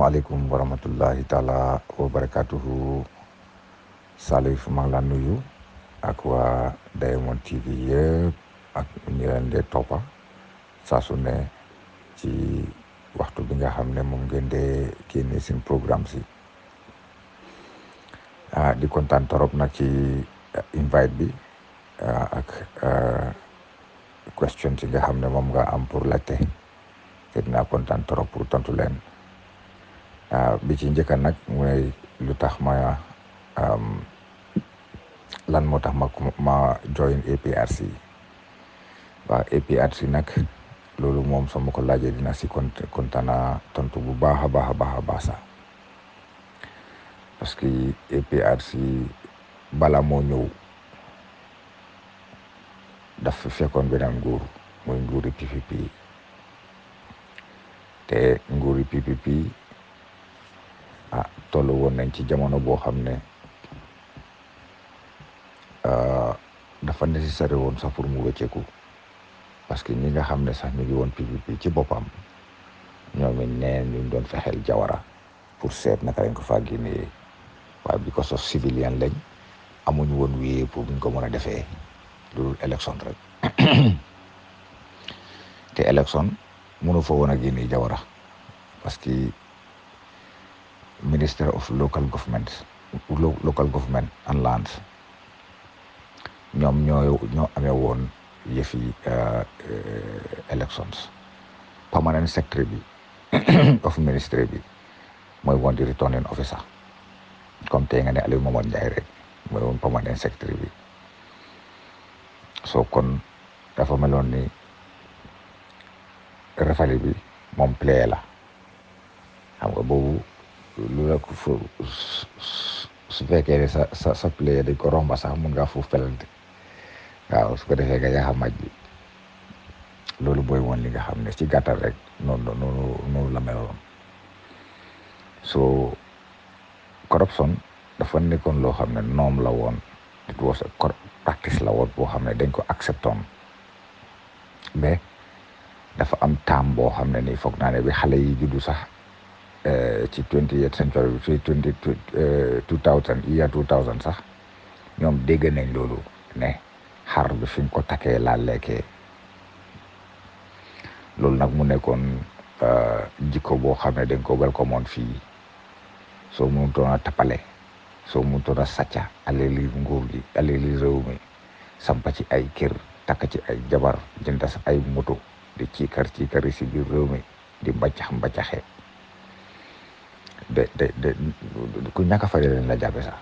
Assalamualaikum warahmatullahi taala wabarakatuh. Salif mangla nuyu ak waa Diamond TV yëpp ak ñi topa de toppa waktu su ne ci waxtu bi nga ngeen de seen programme si ah di kontaan torop nag ci eh, invite bi ah, ak ah, question si nga xam ne moom nga am pour laajte te torop pour tontu Ah, bi ci njëkka nag mooy lu tax ma um, lan moo tax ma ma join APRC waaw APRC nag loolu moom soo ma ko laajee dina si kontana tontu bu baax a baax a baax a baax sax parce que APRC bala moo ñëw daf fekkoon beneen nguur muy nguuri PPP te nguuri PPP tollu woon nañ ci jamono boo xam ne euh, dafa nécessaire won sax pour mu wëcceeku parce que ñi nga xam ne sax ñu ngi woon PPP ci boppam neen ñu doon jawara pour seet naka lañ ko faa génnee waaye bi ko sos civilian lañ amuñ won wiyee pour buñ ko mën a defee loolu élection rek te élection mënu jawara parce que Minister of Local Government Local Government and Lands ñoom ñoo ñoo amee woon yëfi eh, elections permanent secretary bi of ministry bi mooy woon di returning officer comme tey nga ne Alieu Momad Njie rek mooy woon permanent secretary bi so kon dafa meloon ni refali bi moom playe la xam nga boobu lu la ko fo su fekkee ne sa sa sa pilier dañ ko foofu pelante waaw su ko defee nga yaxa maj loolu booy woon li nga xam ne ci gàttal rek noonu noonu noonu la meloon so corruption dafa nekkoon loo xam ne noom la woon it was a practice la woon boo xam ne dañ ko acceptoon mais dafa am taam boo xam ne nii foog naa ne bi xale yi juddu sax ci eh, twenty-eighth century ci twenty eh, two thousand year sax ñoom dégg nañ loolu ne xar bi fi ñu ko takkee laa lekkee loolu nag mu nekkoon eh, jikko boo xam ne dañ ko welcome woon fii soo mënutoon a tappale soo mënutoon a sàcca aleli nguur gi aleli réew mi sampa ci ay kër takk ci ay jabar jëndas ay moto di ciikar ciikari si biir réew mi di mbàccax mbàccaxe de de de ku ñàkk a fay la jàppe sax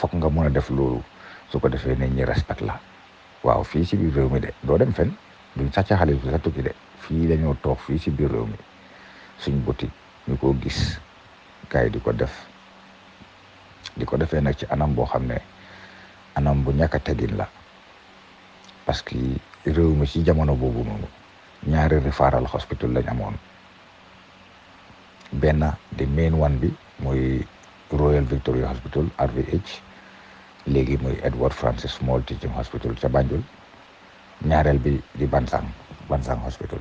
foog nga mën a def loolu su ko defee neñi ñi respect la waaw fii si biir mi de doo dem fen duñ sàcc xaalis bi sa tukki de fii dañoo toog fii si biir réew mi suñ boutique ñu ko gis gars yi di ko def di ko defee nag ci anam boo xam ne anam bu ñàkk a tegin la parce que réew mi si jamono boobu noonu ñaari referral hospital lañ amoon. benn di main one bi mooy Royal Victoria Hospital RVH léegi muy Edward Francis Small Teaching Hospital ca Banjul ñaareel bi di Bansang Bansang Hospital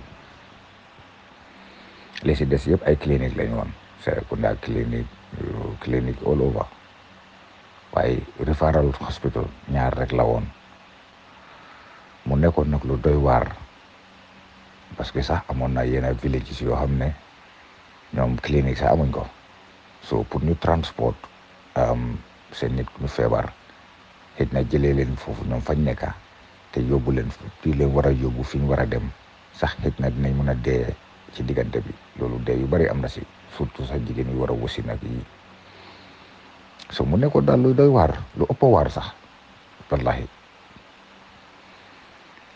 li si des yëpp ay clinique lañu woon Serekunda clinique clinique all over waaye referral hospital ñaar rek la woon mu nekkoon nag lu doy waar parce que sax amoon na yenn villages yoo xam ne ñoom clinique sax amuñ ko so pour ñu transport seen nit ñu feebar xëy na jëlee leen foofu ñoom fañ nekka te yóbbu leen fii leen war a yóbbu fi ñu war a dem sax xëy na dinañ mën a dee ci diggante bi loolu dee yu bari am na si surtout sax jigéen yu war a wasi nag yi so mu nekkoon daal lu doy waar lu ëpp a waar sax wallahi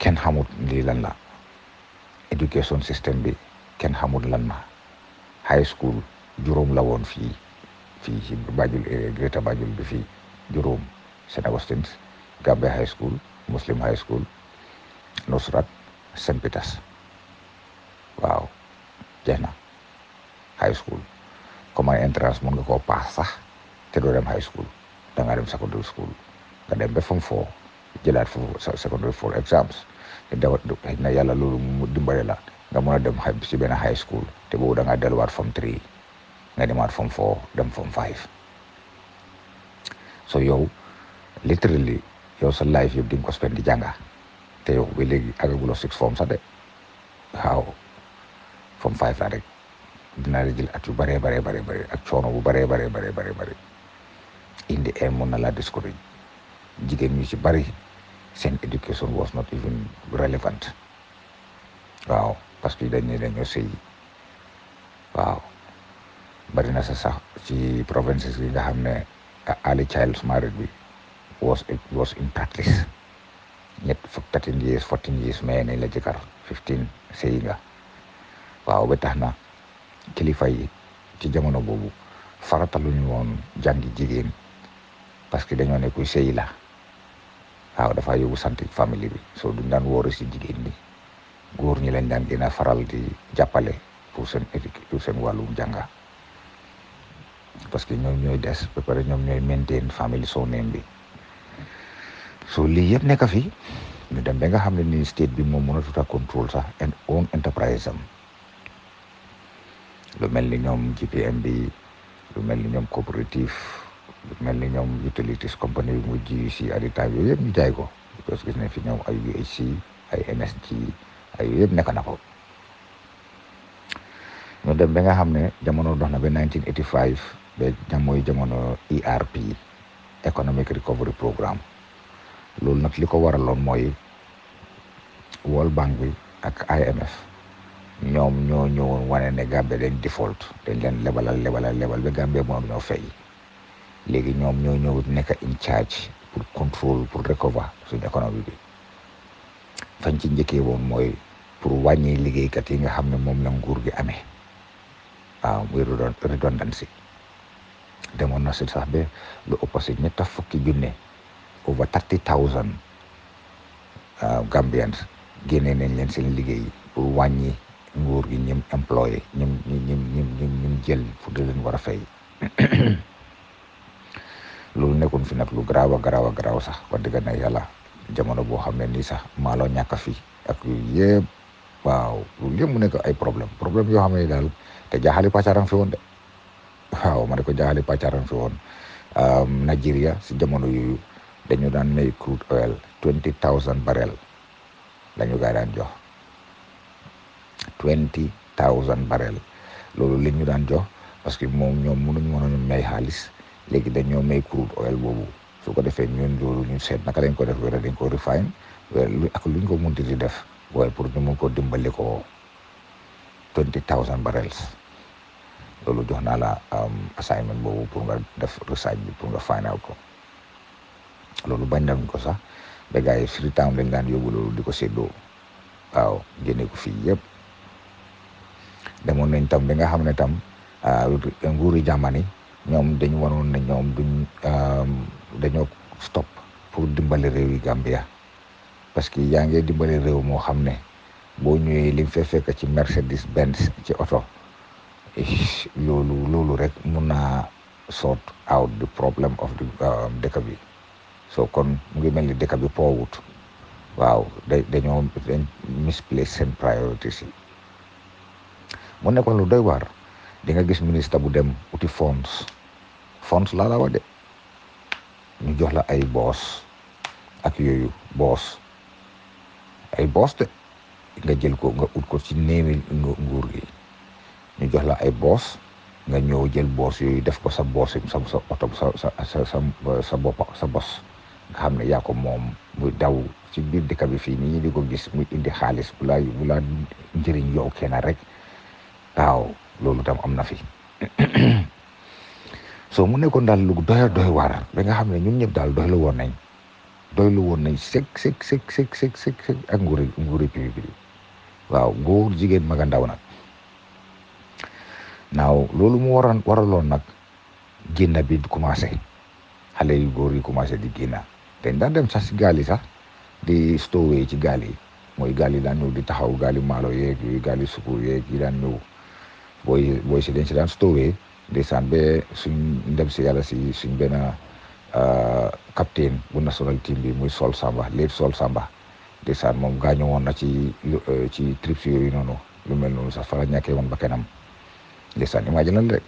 kenn xamut lii lan la éducation système bi kenn xamut lan ma high school juróom la woon fii fii ci Banjul area Greater Banjul bi fii juróom St Augustine's high school Muslim high school nosrat sempitas, Peters waaw high school comme ay entrance mun nga koo paas sax te dem high school da ngaa dem secondary school nga dem ba fam foo jëlaat secondary four exams te dawat xëy na yàlla loolu mu la nga mën a dem si benn high school te boobu da ngaa delluwaat form three nga demaat form four dem form five so yow literally yow sa life yëpp di ko spend di jànga te yow ba léegi agaguloo six form sax de waaw form five la rek dina la at yu bëree bëree bëree bëri ak coono bu bëree bëree bëree bëri bëri indi en mën na la discourage jigéen ñu ci bari seen education was not even relevant waaw paskidanya dan Yose. Wow. Bari na si provinces ni Gahamne, Ali Childs married me. Was, it was in Yet for 13 years, 14 years, may na ila jikar, 15, sayinga. Wow, betahna, na, kilifay, ti jamono bobo, farata lu won jangi jigen parce que dañu ne kuy sey la waaw family bi so duñ dan wori ci jigen ni góor ñi lañ daan gën a faral di jàppale pour sen éduc pour seen jànga parce que ñoom ñooy des ba pare ñoom ñooy maintain famille soo neen bi so lii yëpp nekk fi ñu dem be nga xam ne ni state bi moom mënatut a contrôle sax and own enterprise am lu mel ni ñoom GPM bi lu mel ni ñoom coopérative lu mel ni ñoom utilities company bi muy GUC à l'état yooyu yëpp jaay ko parce que gis fi ñoom ay UHC ay MSG ay yëpp nekk na ko ñu dem ba nga xam ne jamono dox na ba 1985 ba ñam mooy jamono ERP Economic Recovery Programme loolu nag li ko waraloon mooy World Bank bi ak IMF ñoom ñoo ñëwoon wane ne Gambie dañ default dañ leen lebalal lebalal lebal ba Gambie moom ñoo fay léegi ñoom ñoo ñëw nekk in charge pour contrôle pour recover suñu économie bi fañ ci njëkkee woon mooy pour wàññi liggéeykat yi nga xam ne moom la nguur gi amee waaw muy redondance demoon na si sax ba lu ëpp si ñetta fukki junne over thirty thousand Gambians génnee nañ leen seen liggéey pour wàññi nguur gi ñim employé ñim ñim ñim ñim jël pour di leen war a fay loolu nekkoon fi nag lu garaaw a garaaw a garaaw sax wax dëgg na yàlla jamono boo xam ne nii sax maaloo ñàkk fi ak yooyu waaw loolu yëpp ne ko ay problème problème yoo xam ne daal te jaaxali pàccaran fi woon de waaw ma ko jaaxali pàccaran fi woon Nigeria si jamono yooyu dañu daan may crude oil twenty thousand barrel la ñu gaa daan jox twenty thousand barrel loolu la ñu daan jox parce que moom ñoom mënuñ mënuñu may xaalis léegi dañoo may crude oil boobu su ko defee ñu loolu ñu seet naka lañ ko def wala dañ ko refine wala ak luñ ko munti di def waaye pour ñu mun ko dimbali ko twenty thousand barrels loolu jox naa la um, assignment boobu pour nga def research bi pour nga find ko loolu bañ nañ ko sax ba gars yi Freetown lañ daan yóbbu loolu di ko séddoo waaw génne ko fii yëpp demoon nañ tam bi nga xam ne tam uh, nguuri Jamani ñoom dañu wanoon ne ñoom duñ um, stop pour dimbali réew yi Gambia parce que yaa ngi dimbale réew moo xam ne boo ñëwee li nga ci Mercedes Benz ci oto loolu loolu rek mun sort out the problem of the um, dëkk bi so kon mu ngi dekabi ni wow bi poowut waaw da misplace seen priorities yi mu nekkoon lu doy waar di nga gis ministre bu dem uti fonds fonds laa la wax de ñu jox la ay ak ay boos de nga jël ko nga ut ko ci néewi nguur gi ñu jox la ay boos nga ñëw jël boos yooyu def ko sa boos sa sa oto sa sa sa bopp sa bos nga xam ne yaa ko moom muy daw ci biir dëkk bi fii nii di ko gis muy indi xaalis bu laa bu laa njëriñ yow kenn rek waaw loolu tam am na fi soo mu nekkoon daal lu doy doy waar ba nga xam ne ñun ñëpp daal doy la woon nañ. doylu woon nañ sek sek sek sekk sekk sek sek ak nguur nguur république bi waaw góor jigéen mag ndaw nag naaw loolu mu waroon waraloon nag génna bi commencé xale yu góor yi commencé di génna te daan dem sax si gaal yi sax di stowee ci gaal yi mooy gaal yi daan ñëw di taxaw gaal malo maalo yeeg yooyu gaal yi sukur yeeg yi daan ñëw booy si dañ si daan stowee ndeysaan ba suñ dem si yàlla si suñ benn Eh, kapten bu national team bi muy Sol Samba léegi Sol Samba ndeysaan moom gaañu woon na ci eh, ci trips yooyu noonu lu mel noonu sax fa la ñàkkee woon ba kanam ndeysaan imaginal rek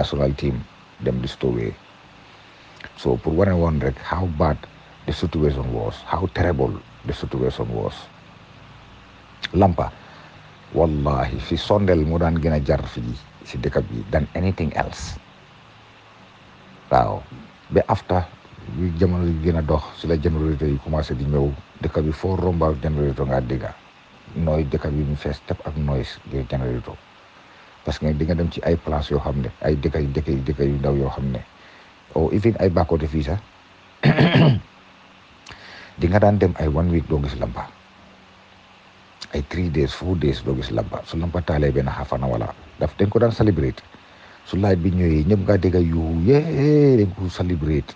national team dem di stowee so pour wane woon rek how bad the situation was how terrible the situation was Lampa wallahi fi sondel moo daan gën jar si dëkk bi than anything else Wow. ba afta bi jamono yi gën a dox si la généralité yi commencé di ñëw dëkk bi foo rombaal to ngaa dégga nooy dëkk bi mu fees tep ak noise yooyu généralité parce que di nga dem ci ay place yoo xam ne ay dëkk yu dëkk yu ndaw yoo xam ne o even ay bàkkoote fii fisa di nga daan dem ay one week doo gis lampa ay three days four days doo gis lampa su lampa taalee benn xafana wala daf dañ ko daan celebrate su laaj bi ñëwee ñëpp nga dégg yuuxu yee dañ ko celebrate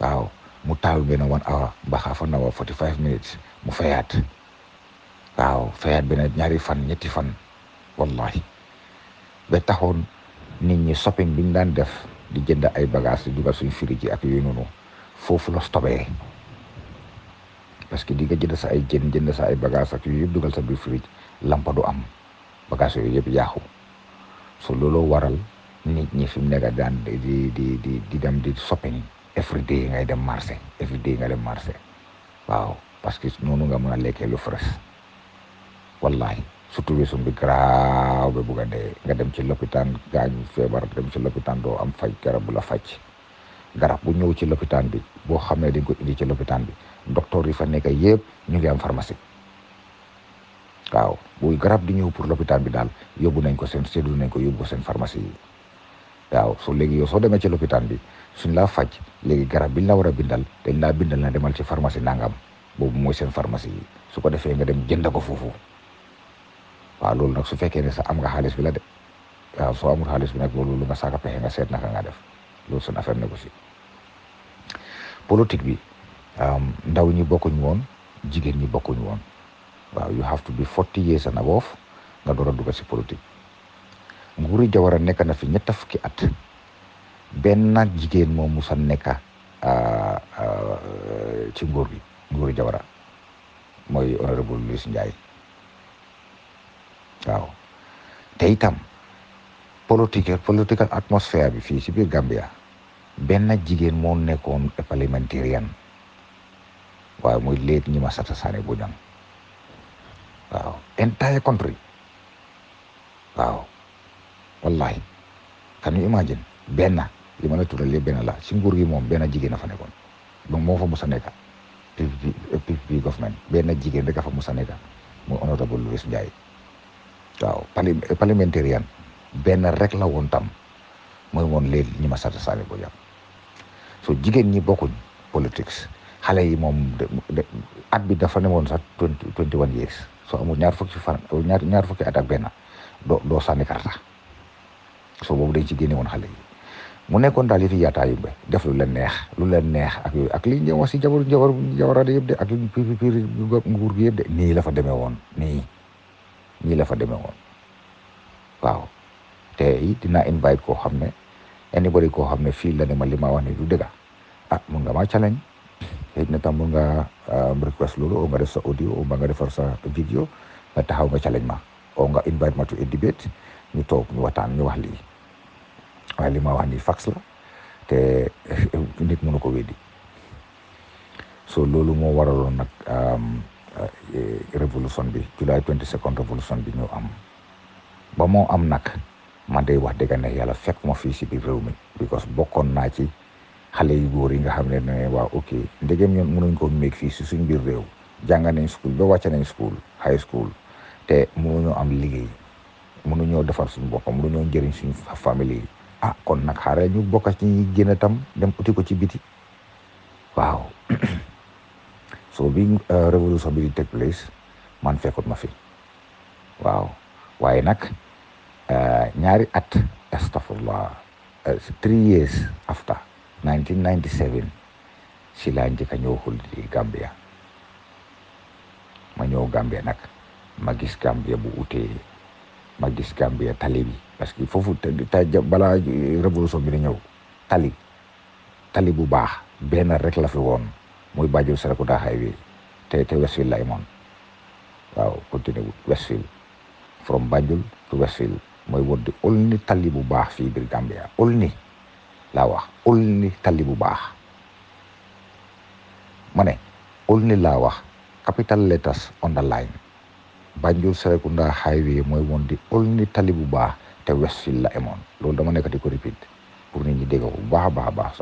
waaw mu taal benn one hour ba half an hour forty five minutes mu fayaat waaw fayaat benn ñaari fan ñetti fan wallahi ba taxoon nit ñi shopping biñ daan def di jënd ay bagage di dugal suñ firi ak yooyu noonu foofu la stopee parce que di nga jënd sa ay jën jënd sa ay bagage ak yooyu yëpp dugal sa biir fridge lampa du am bagage yooyu yëpp yaaxu so waral nit ñi fi mu nekk daan di di di di dem di soppi everyday every day ngay dem marché every day nga dem marché waaw parce que noonu nga mën a lu fresh wallahi surtout wesum bi garaaw ba bugg a dee nga dem ci lopitaan do feebar dem ci lopitaan doo am faj garab bu la faj garab bu ñëw ci lopitaan bi boo xam ne ko indi ci lopitaan bi docteur yi fa nekk ñu ngi am pharmacie kaw buy garab di ñëw pour l'hôpital bi daal yóbbu nañ ko sen séddu nañ ko yóbbu ko seen pharmacie yi waaw so léegi yow so demee ci l'hôpital bi suñ laa faj léegi garab biñ la war bindal dañ laa bindal na demal ci pharmacie nangam boobu mooy seen pharmacie yi su ko defee nga dem jënd ko foofu waaw loolu nag su fekkee sa am nga xaalis bi la de waaw soo amul bi lu nga saaka pexe nga seet naka nga def loolu seen affaire ne politique bi ndaw ñi bokkuñ woon jigéen ñi bokkuñ waaw you have to be forty years and above nga door a dugg si politique nguuri Jawara nekk na fi ñetta fukki at benn jigéen moom musa nekka ah, ah, ci nguur gi nguuri Jawara mooy honorable Louise Ndiaye waaw te itam politique political atmosphere bi fii si biir Gambia benn jigéen moo nekkoon parlementarian waaye muy léegi ñi ma sata saane bu ñan waaw entire country waaw wallahi can yu imagine benn li ma la tuddal lépp benn la si nguur gi moom benn jigéen a fa nekkoon donc moo fa musa nekka PPP PPP government benn jigéen rek a fa musa nekka muy honorable Louis Ndiaye waaw parliamentarian benn rek la woon tam mooy woon léegi ñi ma sarta saani bo jàpp so jigéen ñi bokkuñ politics xale yi moom at bi dafa ne woon sax twenty one years so amo ñaar fukki fan ñaar ñaar fukki at ak benn doo doo sànni karta so boobu dañ ci génne woon xale yi mu nekkoon daal yëfi yaataayu ba def lu leen neex lu leen neex ak yooyu ak li ñu wax si jabaru jabaru jabaraade yëpp de ak li pir pir nguur gi yëpp de nii la fa demee woon nii nii la fa demee woon waaw te it invite koo xam anybody koo xam ne fii la ne ma li wax ni du dëgg ah mun nga maa challenge xëy na tam mun nga uh, request lulu o oh, nga def sa audio o oh, nga defar sa video nga taxaw nga challenge ma o nga invite ma to a debate ñu toog ñu waxtaan ñu wax lii waaye li ma wax nii fax la te nit mënu ko weddi so loolu moo waraloon nag um, uh, eh, eh, révolution bi July 22nd révolution bi ñu am ba moo am nag man wax dëgg ne yàlla fekk ma fii si biir réew mi because bokkoon naa ci xale yu góor yi nga xam ne ne waaw ok ndegem ñoon mënuñ koo méeg fii si suñ biir réew jàng nañ school ba wàcce nañ school high school te mënuñoo am liggéey mënuñoo defar suñu bopp mënuñoo njëriñ suñu famille yi ah kon nag xaaral ñu bokk ci ñi génn tam dem uti ko ci biti waaw so bi euh, révolution bi take place man fekkut ma fi waaw waaye nag euh, ñaari at astafurlah euh, three years after 1997 sila Silanji kañoo di Gambia ma Gambia nak, magis Gambia bu magis Gambia tali bi parce que tajab ta balaa révolution bi di tali tali bu baax benn rek la fi woon muy Banjul te te Westfield lay moon waaw continue Westfield from Banjul to Westfield mooy wodi di ni tali bu baax fii Gambia only. ni Lawah, wax ni tali bu baax ma ne ul ni wax capital letters on the line Banjul Serekunda highway mooy woon di ni tali bu baax te Westfield la emoon loolu dama nekk di ko répété pour nit ñi dégg ko baax baax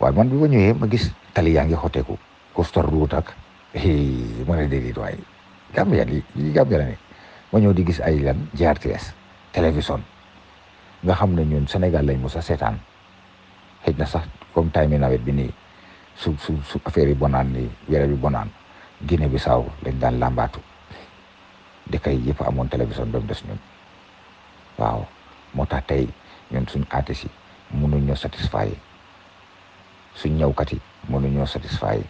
baax man bi ma ma gis tali yaa ngi xoteeku Costa Route ak ma ne déedéet waaye Gambia li Gambia la ne ma ñëw di gis ay lan GRTS télévision nga xam ne ñun senegal lañ mos a seetaan xëj na sax comme time nawet bi nii su su su affaire yi bonaan nii weer bi bonaan Guinée Bissau lañ daan làmbaatu dëkk yi yëpp amoon télévision ba mu des ñun waaw moo tax tey ñun suñ artistes yi mënuñ ñoo satisfaire suñ ñëwkat yi mënuñ ñoo satisfaire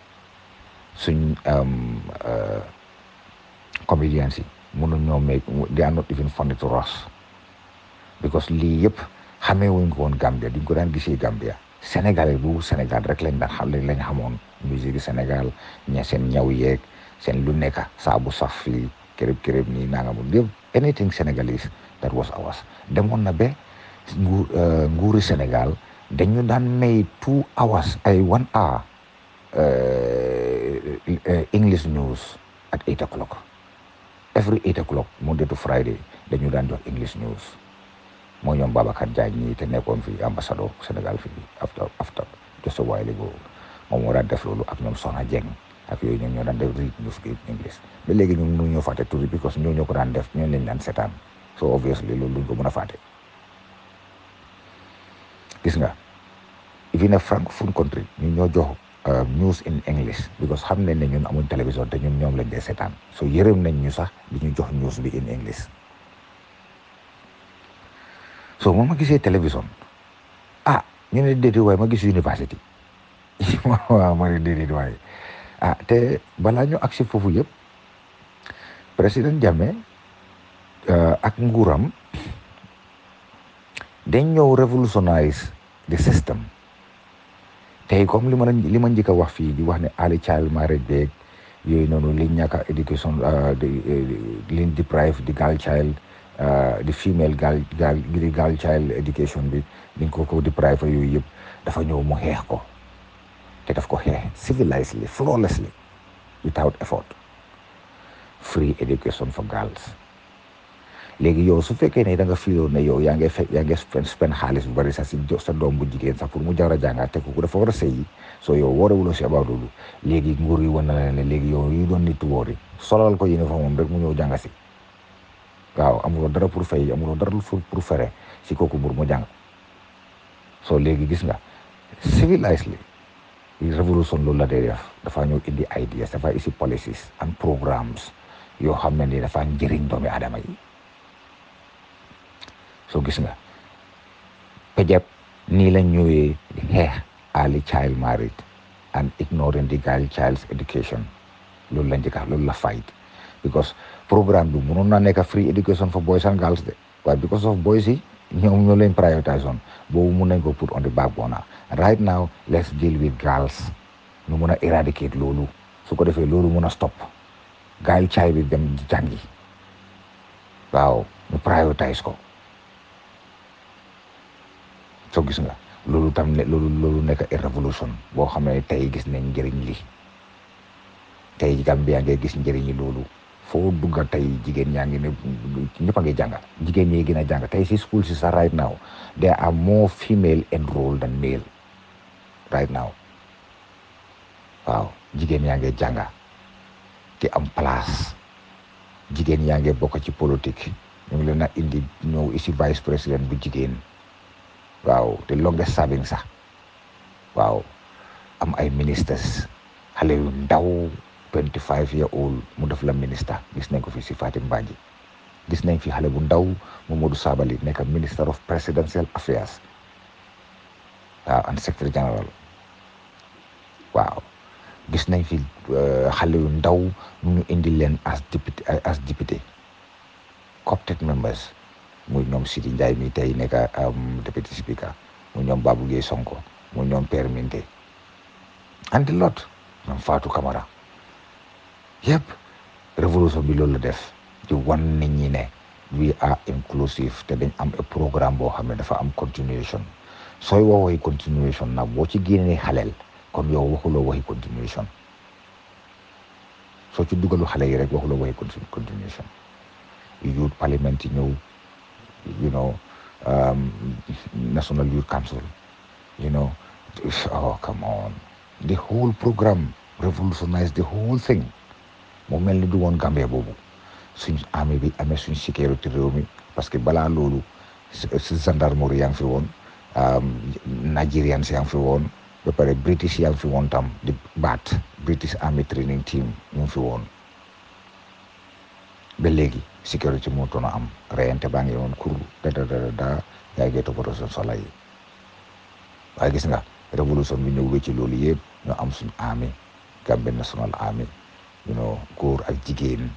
suñ um, uh, comedians yi mënuñ ñoo make they are not even funded to us because lii yep xamee wuñ ko woon Gambia di ko daan gisee Gambia Sénégal yi bu Sénégal rek lañ daan xam lañ xamoon musique Sénégal ña seen ñaw yeeg seen lu nekk saabu saf fii kërëb kërëb nii anything Senegalis, that was ours demoon na be nguur eh, nguuri Sénégal dañu may two hours ay one hour eh, eh, English news at eight o'clock every eight o'clock Monday to Friday dañu daan jox English news mooy ñoom Babacar Diagne ñii te nekkoon fi ambassadeur Sénégal fi afta afta Josuwaay Ligo moom moo daan def loolu ak ñoom Soxna Dieng ak yooyu ñoom ñoo daan def read newspaper English léegi ñu mënu ñoo fàtte tur ñoo ñoo ko daan def ñoo lañ daan loolu duñ ko mën a fàtte gis nga even ñu ñoo jox uh, news in English because xam ne ne ñun amuñ télévision te ñun ñoom lañ dee seetaan so yërëm nañ ñu sax bi ñu jox news bi in English so moom ma gisee télévision ah ne déedéet waaye ma gis université waaw ma ne déedéet waaye ah te balaa ñu agsi foofu yëpp président Jammeh euh, ak nguuram dañ ñëw révolutionniser the system tey comme li ma li ma njëkk wax fii di wax ne early child marriage beeg yooyu noonu liñ ñàkk a éducation euh, deprive the girl child di euh, female girl girl girl child education bi ni ko ko deprive yooyu yëpp dafa ñëw mu xeex ko te daf ko xeex civilizedly flawlessly without effort free education for girls léegi yow su fekkee ne da nga filoon ne yow yaa ngi fe yaa ngi spend xaalis bu bari sax si sa doom bu jigéen sax pour mu jar a jàngaa te ku dafa war a sëyi soo yow wóorewuloo si about loolu léegi nguur yi wan na la ne léegi yow yi doon nit wóori solal ko uniforme moom rek mu ñëw jànga si waaw amuloo dara pour fay amuloo dara pour fere si kooku buur mu jàng soo léegi gis nga civilized li revolution loolu la day def dafa ñëw indi ideas dafa isi policies and programs, yoo xam ne ni dafa njëriñ doomi aadama yi soo gis nga pejab nii la ñëwee di xeex early child married and ignoring the girl child's education loolu la njëkka loolu la fight because programme bi mënoon naa nekk free education for boys and girls de waaye because of boys yi ñoom ñoo leen prioritise woon boobu mun nañ ko put on the back burner right now let's deal with girls ñu mun a eradicate loolu su ko defee loolu mun a stop gars yi caay bi dem jàngi waaw ñu prioritise ko soo gis nga loolu tam ne loolu loolu nekk a boo xam ne tey gis nañ njëriñ li tey Gambia ngay gis njëriñi loolu foo dugg a jigéen ñaa ngi ne ñëpp ngi jàng jigéen ñi gën a jàng tey si school si sa right now there are more female enrolled than male right now jigéen yaa ngi jànga te am place jigéen yaa ngi bokk ci politique ñu ngi indi ñëw ici vice président bu jigéen waaw te longest serving sax waaw am ay ministres xale ndaw twenty five year old mu def la ministre gis nañ ko fi si Fatim Badji gis nañ fi xale bu ndaw Momodou Sabally nekk minister of presidential affairs waaw ah, and secretary general waaw gis nañ fi euh, xale yu ndaw ñu indi leen as député as député coopted members muy ñoom Sidi Ndiaye mi tey nekk um, député speaker mu ñoom Babou Guèye Sonko mu ñoom Pierre and lot ñoom Fatou Camara Yep, révolution below the la def di wan nit ñi we are inclusive te i am programme boo xam ne i am continuation sooy waxooy continuation Now what you génnee xaleel kon Come waxuloo waxi continuation soo ci dugalu xale yi rek waxuloo waxi continuation youth parliament you know, you know um, national youth council you know oh come on the whole program revolutionized the whole thing mu mel ni du woon Gambie boobu suñ armée bi amee suñ sécurité réew parce que balaa loolu si gendarmerie yaa ngi fi woon Nigerian si yaa ngi fi woon ba pare British yaa tam di baat British baa ngi woon kur da da da yaa ngi toppatoo seen gis nga révolution bi ñëw ba loolu yëpp ñu am suñ armée Gambie National Army you know ak jigéen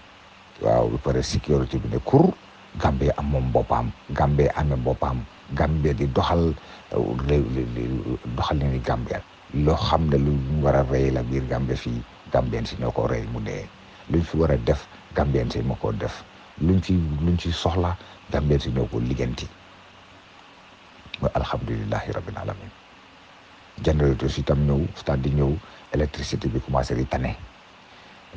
waaw ba pare sécurité bi ne kur Gambie am moom boppam am amee boppam Gambie di doxal euh, doxal ne Gambien loo xam ne lu war a rey la biir Gambie fii Gambien si ñoo ko rey mu dee luñ fi war a def Gambien si moo ko def luñ ci luñ ci soxla Gambien si ñoo ko liggéenti mooy alhamdulilahi rabbil alamin générateur si tam ñëw stade di ñëw électricité bi commencé di tane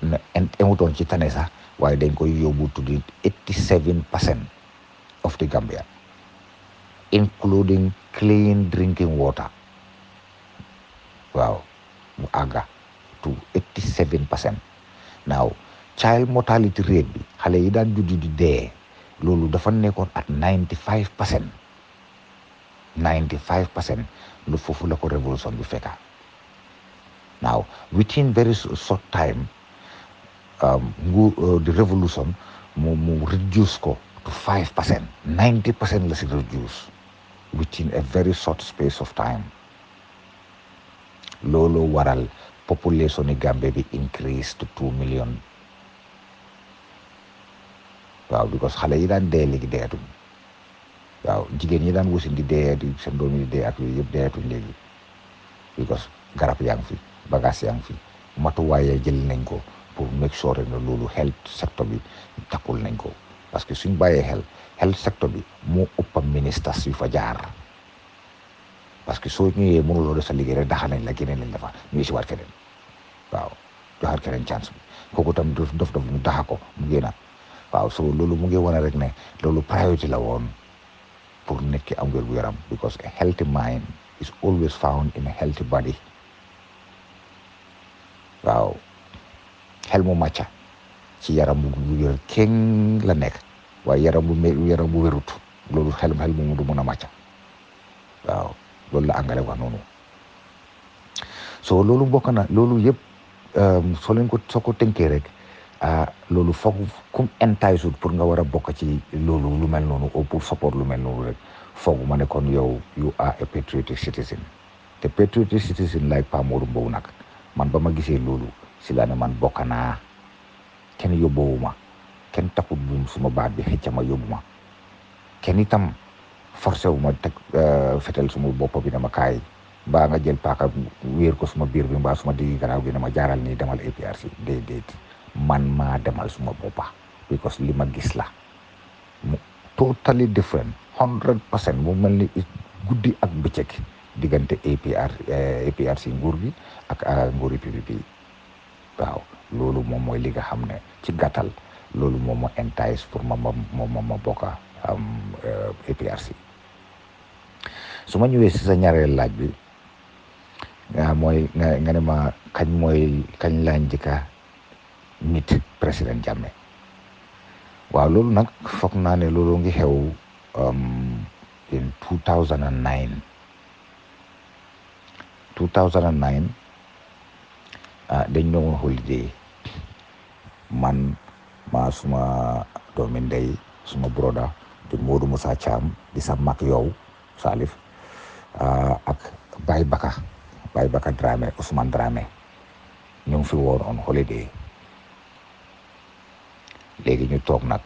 ne emutoon ci tane sax waaye dañ koy yóbbu tuddi eighty seven percent of the Gambia including clean drinking water waaw mu àgga to eighty seven percent now child mortality rate bi xale yi daan juddu di dee loolu dafa nekkoon at ninety five percent ninety five percent lu foofu la ko révolution bi fekka now within very short time nguur euh, di revolution mu mu reduce ko to five percent ninety percent la si reduce within a very short space of time loolu waral population yi Gambie bi increase to two million waaw because xale yi daan dee léegi deetuñ waaw jigéen ñi daan wusin di dee di seen doom yi di dee ak yooyu because garab yaa ngi fi bagaas yaa fi matuwaay ya jël nañ ko pour make sure ne lulu health sector be takkul nengo. ko parce que suñ bàyyee xel health secteur bi moo ëppa ministres yu fa jaar so que soo ñëwee mënuloo def sa liggéey rek daxa nañ la génne nañ dafa ñu si waat keneen waaw joxaat keneen chance bi kooku tam dof dof ñu daxa ko mu génnaat waaw so lulu mu ngi wane rek ne loolu priority la woon pour nit ki am wér gu yaram because a healthy mind is always found in a healthy body Wow. xel mu ci yaram bu nekk waaye yaram bu mel yaram bu wérut loolu xel xel mu du mun a màcca waaw loolu la angale wa noonu soo loolu bokk na loolu yëpp um, soo leen ko soo ko tënkee rek ah loolu foog comme entitled pour nga war a bokk ci loolu lu mel noonu ou pour support lu mel noonu rek foog ma ne kon yow you are a patriotic citizen te patriotic citizen like Pa Modou Mbow nag man ba ma gisee loolu si laa man bokk naa kenn yóbbuwu ma kenn takku buum suma baat bi xëcc ma yóbbu ma kenn itam forcé wu ma teg euh, fetel suma bopp bi na ma kaay mbaa nga jël paaka wéer ko suma biir bi mbaa suma diggi garaaw gi ne ma jaaral nii demal APRC déedéet man maa demal suma boppa because li ma gis la mu totally different mu mel ni guddi ak bëccëg diggante APR euh, APRC nguur gi ak euh, nguuri PPP waaw loolu moom mooy li nga xam ne ci gàttal loolu moom moo entaillé pour ma ma ma ma bokk APRC euh, su ma ñëwee si sa ñaareel laaj bi nga xam mooy nga ne ma kañ mooy kañ laa njëkka nit président Jammeh waaw loolu nag foog naa ne loolu ngi xew in 2009 2009 ah dañ doon holiday man ma suma doomi ndey suma broda di Modou Moussa Thiam di sa mag yow Salif ah, ak Baye Baka Baye Baka Dramé Ousmane Dramé ñu ngi fi woon on holiday léegi ñu toog nag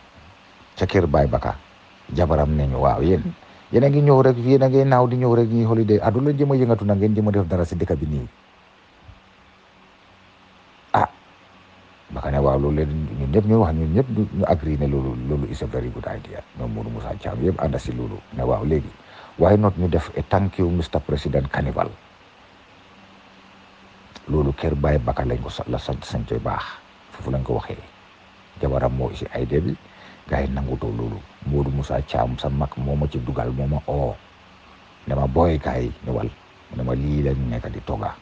ca kër Baye Baka jabaram ne ñu waaw yéen yéen a ngi ñëw rek yéen a ngi naaw di ñëw rek ñuy holiday addu ah, la jëm yëngatu na ngeen jëm a def dara si dëkk bi nii Makanya while Lulir nyunyep nyuruh nyunyep agree ne lulu lulu is a very good idea. No muru musa champion ya, anda si lulu na wow Why not you def a eh, thank you Mr. President Carnival? Lulu ker bay bakalen ko la sant santoy bax fofu lañ ko waxe. Jabaram mo ci ay debi gaay nanguto lulu. Muru musa cham sa mak moma ci dugal moma o. Oh. Dama boy gaay ne wal. Dama li lañ nekk di toga.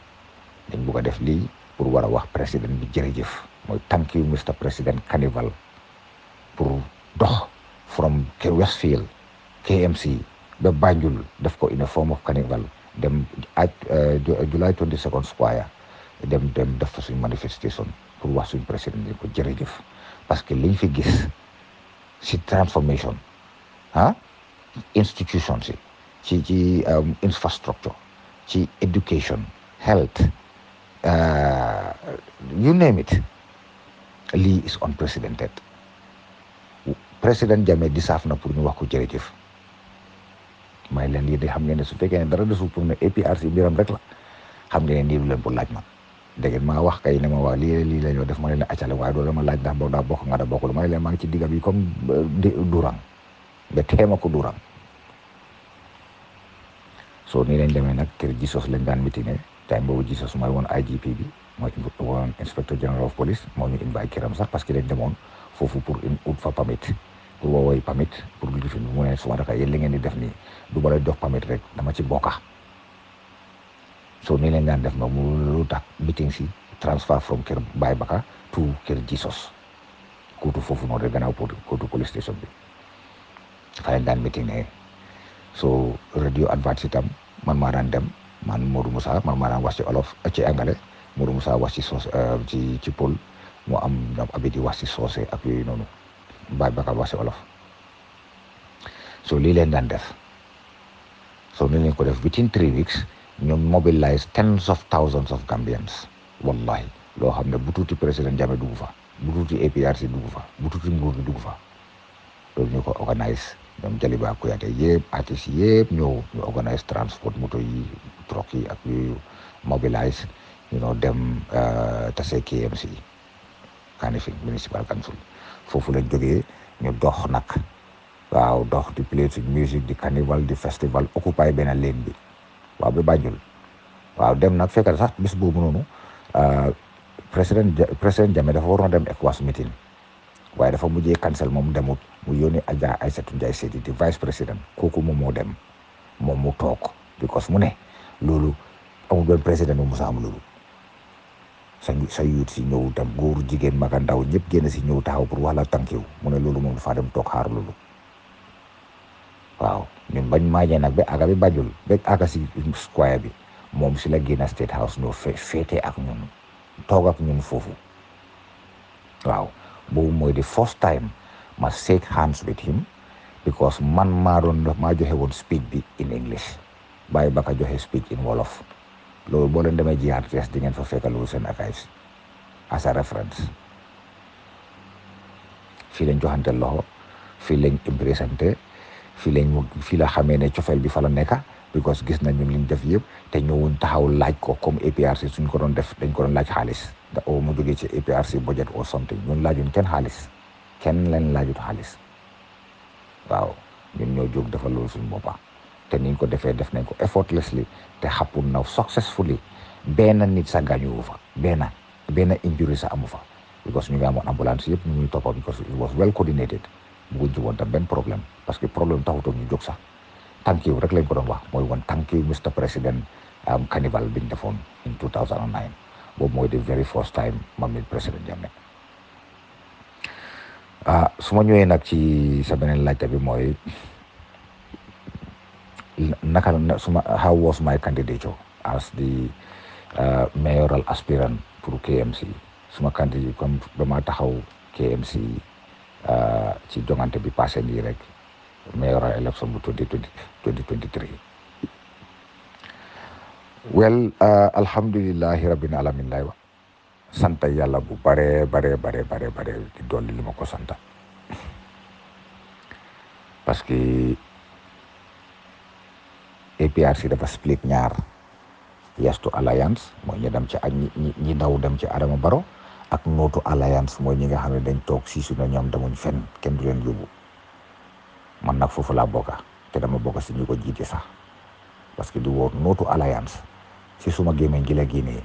Dañ bu ko def li pour wara wax president bi jërëjëf. Thank you, Mr President Carnival pour dox from Westfield KMC ba Banjul def ko in a form of carnival dem aj euh, euh, July 22nd Square dem dem def fa suñ manifestation pour wax suñ président ni ko jërëjëf parce que liñ fi gis si transformation ah institution si ci euh, infrastructure ci education health you name it lii is unprecedented président Jammeh di saaf na pour ñu wax ko jërëjëf may leen lii de xam ngeen ne su fekkee ne dara desul pour ne APRC mbiram rek la xam ngeen ne nii du leen pour laaj ma dégg ma wax kay ne ma waa lii lii la ñoo def ma ne la acala waaye doo la ma laaj ndax boo daa bokk nga da bokkul ma ne leen maa ngi ci digga bi comme euh, durang nga teema ko durang soo nii lañ demee nag kër jisos lañ daan mitine time boobu jisos mooy woon IGP bi Maikenburg Inspector General of Police moo ñu indi ay kiram sax parce que dañ demoon foofu pour une ut fa pamit pour woowee pamit pour bi lifin mu ne suma daka yéen li ngeen di def nii du ma leen jox pamit rek dama ci boka so nii leen daan def ma mu lu meeting si transfer from kër Baye Baka to kër Jesus kóotu foofu noonu rek gannaaw kóotu police station bi fa leen daan meeting ne so radio advance itam man maa daan dem man Modou Moussa man maa daan wax olof ci angale Mourou Moussa wax ci soose euh, ci ci pël am ndam abidi wax ci soose ak yooyu noonu baa Bakar wax olof so lii leen daan def so ni leen ko def within three weeks ñoom mobilise tens of thousands of Gambians wallahi loo xam ne bu tuuti président Jammeh dugg fa bu tuuti APRC dugg fa bu tuuti nguur dugg fa loolu ñu ko organise ñoom Jaliba Kuyate yëpp artistes yëpp ñëw ñu organise transport moto yi truck yi ak yooyu mobilise you know dem euh, tase KMC Kanifing municipal council foofu lañ jógee ñu dox nag waaw dox di play musique di carnival di festival occupy benn leen bi waaw bi Banjul waaw dem nag fekk sax bis boobu noonu euh, président président Jammeh dafa waroon dem ECOWAS meeting waaye dafa mujjee cancel moom demut mu yónni Adja Aïssatou Ndiaye Seydi di vice président kooku moom moo dem moom mu toog because mu ne loolu amul benn président mu sax am loolu. sa sa yuut si ñëw tam góor jigéen mag a ndaw ñëpp génn si ñëw taxaw pour wax la tànk yow mu ne loolu moom dafaa dem toog xaar loolu waaw ñun bañ maajee nag ba aga bi bajul ba aga si square bi moom si la génn state house ñoo féete ak ñun toog ak ñun foofu waaw boobu mooy the first time ma shake hands with him because man ma doon maa joxe woon speech bi in English bàyyi ba joxe speech in wolof loolu boo leen demee jiyaat Thiès di ngeen fa fekk loolu seen archives as a référence fii lañ joxante loxo fii lañ embrassanté fii lañ fii la xamee ne cofeel bi fa la nekk because gis nañ ñun liñ def yëpp te ñëwoon taxaw laaj ko comme APRC suñ ko doon def dañ ko doon laaj xaalis da o oh, mu jógee ci APRC budget or something ñun laajuñ kenn xaalis kenn leen laajut xaalis waaw ñun ñoo jóg defal loolu suñ boppa te niñ ko defee def nañ ko effortlessly te xappul now successfully benn nit sa gaañuwu fa benn benn injury sa amu fa because ñu ngi amoon ambulance yëpp ñu ngi toppam because it was well coordinated mu ngi woon tam benn problème parce que problème taxutoon ñu jóg sax thank you rek lañ ko doon wax mooy woon thank you Mr President am um, carnival biñ defoon in 2009 boobu mooy the very first time ma mit président Jammeh ah su ma ñëwee nag ci sa beneen laajte bi mooy Nakal how was my candidature as the uh, mayoral aspirant for KMC. Suma candidate kam dama taxaw KMC uh, ci jongante bi passé ni rek mayoral election bu 2020, 2023. Well, uh, alhamdulillahi rabbil alamin lay wax. Santa yalla bu bare bare bare bare bare di dolli lima ko santa. Parce que APRC dafa split ñaar Yastu alliance mooy ñi dem ci ak ñi ñi dem ci Adama Baro ak nootu alliance mooy ñi nga xam ne dañ toog siisu na ñoom demuñ fenn kenn du leen yóbbu man nag foofu laa bokka pas dama bokka si ñu sax parce que alliance si suma gémmiñ gi la génnee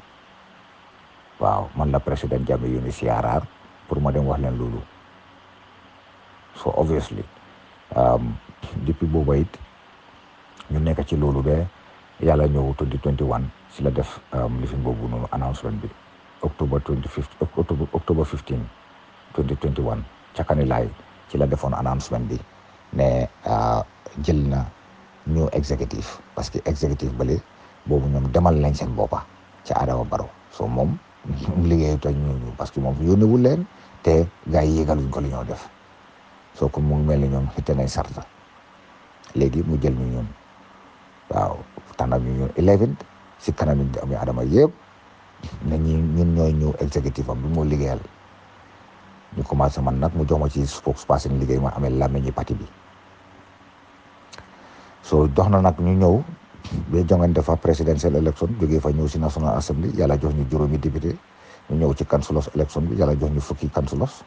waaw man la président Jammeh yónni si yaaraar pour ma dem wax so obviously um, depuis booba it ñu nekk ci loolu be yàlla ñëw 2021 si la def um, lifin boobu noonu announcement bi octobre 25 octobre octobre 15 2021 cakani laay ci la defoon announcement bi ne uh, jël na ñu executive parce que executive bale boobu ñoom demal nañ seen boppa ca Adama Barrow so moom liggéeyu ta ñooñu parce que moom yónnewul leen te gars yi yégaluñ ko li ñoo def soo ko mu ngi mel ni ñoom nañ sarta léegi mu jël ñu ñoom waaw tànnal ñu ñun eleventh si kanam it doomi Adama yëpp na ñi ñun ñooy ñëw exécutif am bi moo liggéeyal ñu commencé man nag mu jox ma ci spokesperson liggéey ma amee làmmiñi parti bi so jox na nag ñu ñëw ba jongante fa presidential election jógee fa ñëw si national assembly yàlla jox ñu juróomi député ñu ñëw ci councilors election bi yàlla jox ñu fukki councilors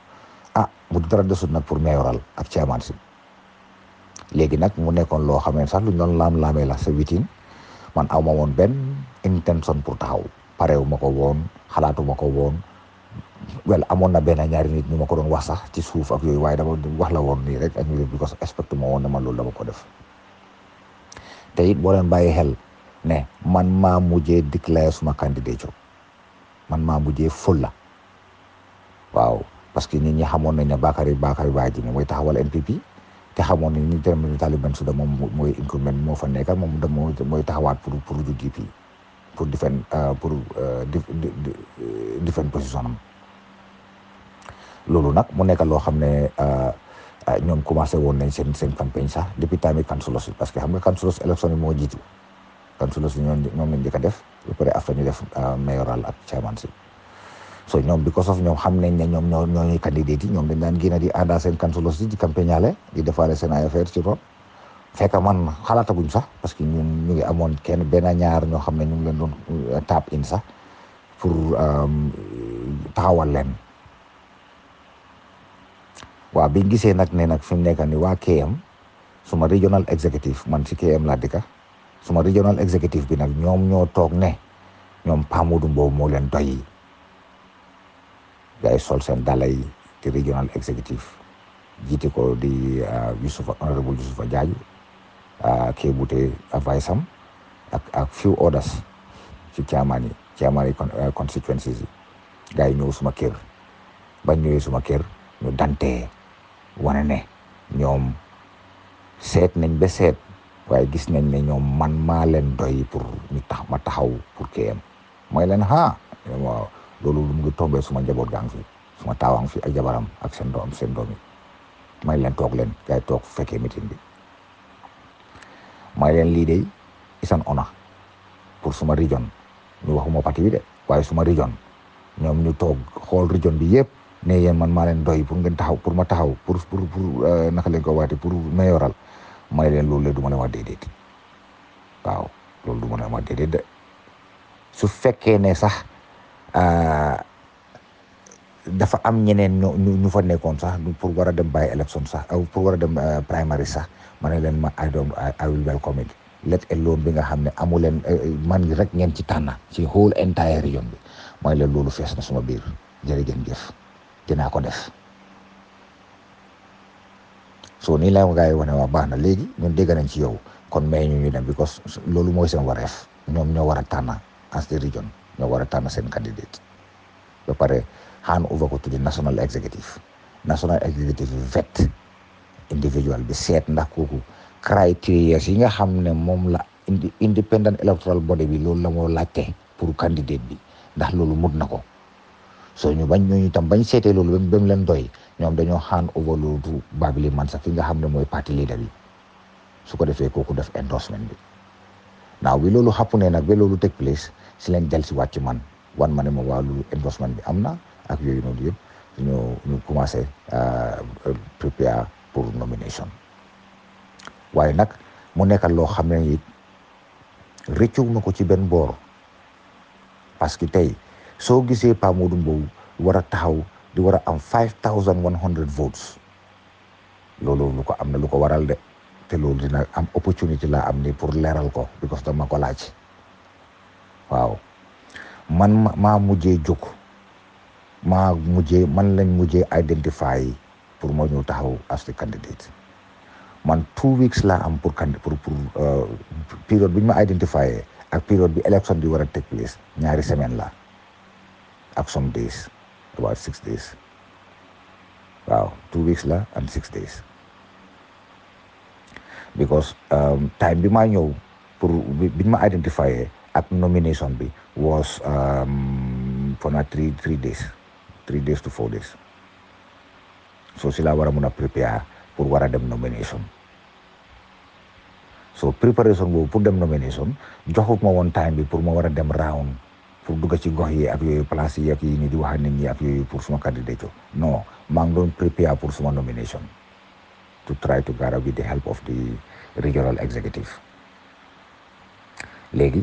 ah mu dara desut nag pour mayoral ak chairmanship léegi nag mu nekkoon loo xamee sax lu ñu doon laam-laamee la sa witin man aw ma woon benn intention pour taxaw parewu ma ko woon xalaatu ma ko woon wel amoon na benn ñaari nit ñu ma ko doon wax sax ci suuf ak yooyu waaye dama wax la woon nii rek ak ñu bi ko expecté ma woon ne man loolu dama ko def te it boo leen bàyyi xel ne man maa jee déclaré suma candidature man maa mujjee fulla waaw parce que nit ñi xamoon nañ ne Bakary Bakary Badji mooy taxawal NPP te xamoon nañ ni terme Talib Bensouda moom mooy incumbent moo fa neka moom da moo mooy taxawaat pour pour UDP pour defend euh, pour euh, euh, defend position am loolu nag mu nekk loo xam ne ah, ñoom commencé woon nañ seen seen campagne sax depuis tamit councilors yi parce que xam nga councilors élection yi moo jiitu councilors yi ñoom ñoom lañ njëkk a def ba pare after ñu def mayoral ak chairman so ñoom because of ñoom xam nañ ne ñoom ñoo ñooñuy candidate yi ñoom dañ daan génn di àndaa seen councilors yi di campagne ale di defaale seen ay affaire ci roon fekk man xalaataguñ sax parce que ñun ñu ngi amoon kenn benn ñaar ñoo xam ne ñu ngi leen doon euh, tap in sax pour euh, taxawal leen waaw bi gisee nag ne nag fi mu nekk ni waa KM suma regional executive man si KM laa dëkka suma regional executive bi nag ñoom ñoo toog ne ñoom Pamoudou Mbow moo leen doy gars yi sol seen dalay di régional exécutif jiite ko di ah, Youssoufa honorable Youssoufa Diagne ah, kii buté advice am ak ak few orders ci caaman yi caaman yi ah, constituencies yi suma kër bañ ñëwee suma kër ñu dantee wane ne ñoom seet nañ ba seet waaye gis nañ ne ñoom man maa leen doy pour ñu tax ma taxaw pour kéem mooy leen ha loolu mu ngi tombé suma njaboot gaa ngi fi suma taawang fi ak jabaram ak seen seen doom yi may leen toog leen gars yi toog fekkee meeting bi may leen lii de is an honor pour suma région ñu waxuma parti bi de waaye suma région ñoom ñu toog xool région bi yëpp ne yéen man maa leen doy pour ngeen taxaw pour ma taxaw pour pour pour euh, naka leen ko waatee pour mayoral may leen loolu la du ma leen wax waaw loolu du ma leen su fekkee ne sax. Euh, dafa am ñeneen ñoo ñu fa nekkoon sax pour war a dem bàyyi élection sax euh, pour war a dem euh, primary sax ma ne leen ma I don't I will welcome it let alone bi nga xam ne amu leen man rek ngeen ci tànna ci whole entire région bi mooy leen loolu fees na suma biir jërëjëf jëf dinaa ko def so ni laa gaa yi wax ne baax na léegi ñu dégg nañ ci yow kon may ñu ñu dem because loolu mooy seen wareef ñoom ñoo war a tànna as the region ñoo war a tànn seen candidate ba pare hand over ko to the national executive national executive vet individual bi seet ndax kooku criteria yi nga xam ne moom la indi independent electoral body bi loolu la moo laajte pour candidate bi ndax loolu mut na ko soo ñu bañ ñooñu tam bañ seetee loolu ba mu leen doy ñoom dañoo hand over loolu du Babili Mansa ki nga xam ne mooy parti leader bi su ko defee kooku def endorsement bi naaw bi loolu xappu ne nag loolu take place ci lañ jal si wàcc man wan ma ne ma waa loolu endorsement bi am na ak yooyu noonu yëpp ñu ñu commencé euh, prepare pour nomination waaye nag mu nekkal loo xam ne it ma ko ci benn boor parce que tey soo gisee Pa Modou war a taxaw di war a am five thousand one hundred votes loolu lu ko am na lu ko waral de te loolu dina am opportunité laa am ni pour leeral ko because dama ko laaj waaw man maa mujjee jóg maa mujjee man lañ mujjee identify pour moo ñëw taxaw as the candidate man two weeks laa am pour candi pour pour euh, période bi ñu ma identifié ak période bi élection bi war a take place ñaari semaine la ak some days about six days waaw two weeks la and six days because um, time bi maa ñëw pour bi ñu ma identifié nomination B was um, for na three three days, three days to four days. So sila wara muna prepare for wara dem nomination. So preparation bo pour nomination, joxut ma one time bi pour ma wara dem round pour duga ci gox yi ak yooyu place yi ak yi ni di wax nit ñi ak yooyu pour suma candidature non ngi prepare pour suma nomination to try to gather with the help of the regional executive léegi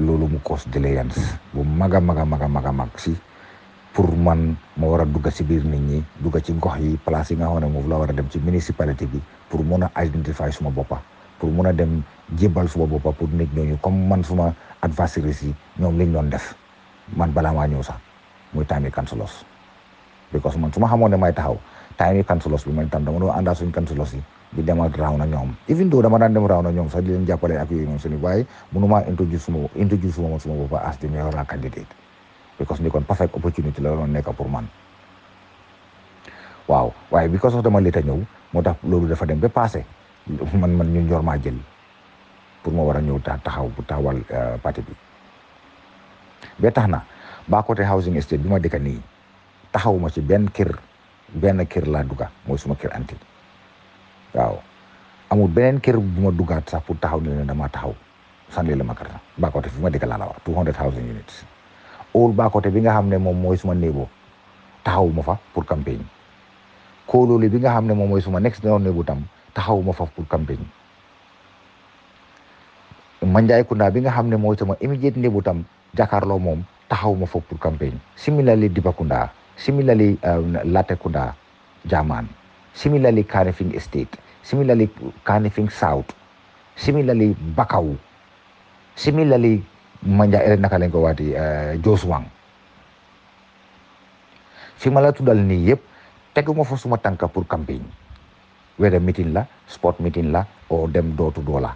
loolu mu cause déliance bu mag a mag a mag a mag a mag si pour man ma war a dugg si biir nit ñi dugg ci gox yi place yi nga wane ne moom la war a dem ci municipalité bi pour mun a identifier suma boppa pour mun a dem jébal suma boppa pour nit ñooñu comme man suma adversaires yi ñoom lañ doon def man balaa maa ñëw sax muy time councilors because man su ma xamoon ne may taxaw time councilors bi man tam dama doon àndaa suñ councilors di demal raaw na ñoom even though dama daan dem raaw na ñoom sax di leen jàppale ak yooyu noonu suñu waaye mënuma introduce suma introduce suma suma bopp as the mayoral candidate because ni kon perfect opportunity la doon nekk pour man waaw waaye because of dama leta ñëw moo tax loolu dafa dem ba passé man man ñu ñor maa jël pour moo war a ñëw taxaw bu taxawal euh, parti bi ba tax na ba côté housing estate bi ma dëkk nii taxawuma ci benn kër benn kër laa dugga mooy suma kër anti waaw amul beneen ker bu ma duggaat sax pour taxaw ne leen damaa taxaw san la ma karta Bakoteh fu ma dëkk laa la wax two hundred thousand units óol Bakoteh bi nga xam ne moom mooy suma néebo taxawu ma fa pour campagne Kololi bi nga xam ne moom mooy suma next door néebo tam taxawu ma fa pour campagne Manjai Kunda bi nga xam ne mooy sama immediate néebo tam jàkkaarloo moom taxaw ma fa pour campagne similarly Dibakunda similarly euh, Latrikunda Jaman Similarly, Kanifing Estate. Similarly, Kanifing South. Similarly, bakaw Similarly, Manja Ere eh, Nakalengowati, uh, eh, Joswang. fi ma la tuddal nii yëpp teguma fa suma tànka pour campagne wede meeting la sport meeting la o dem dootu doola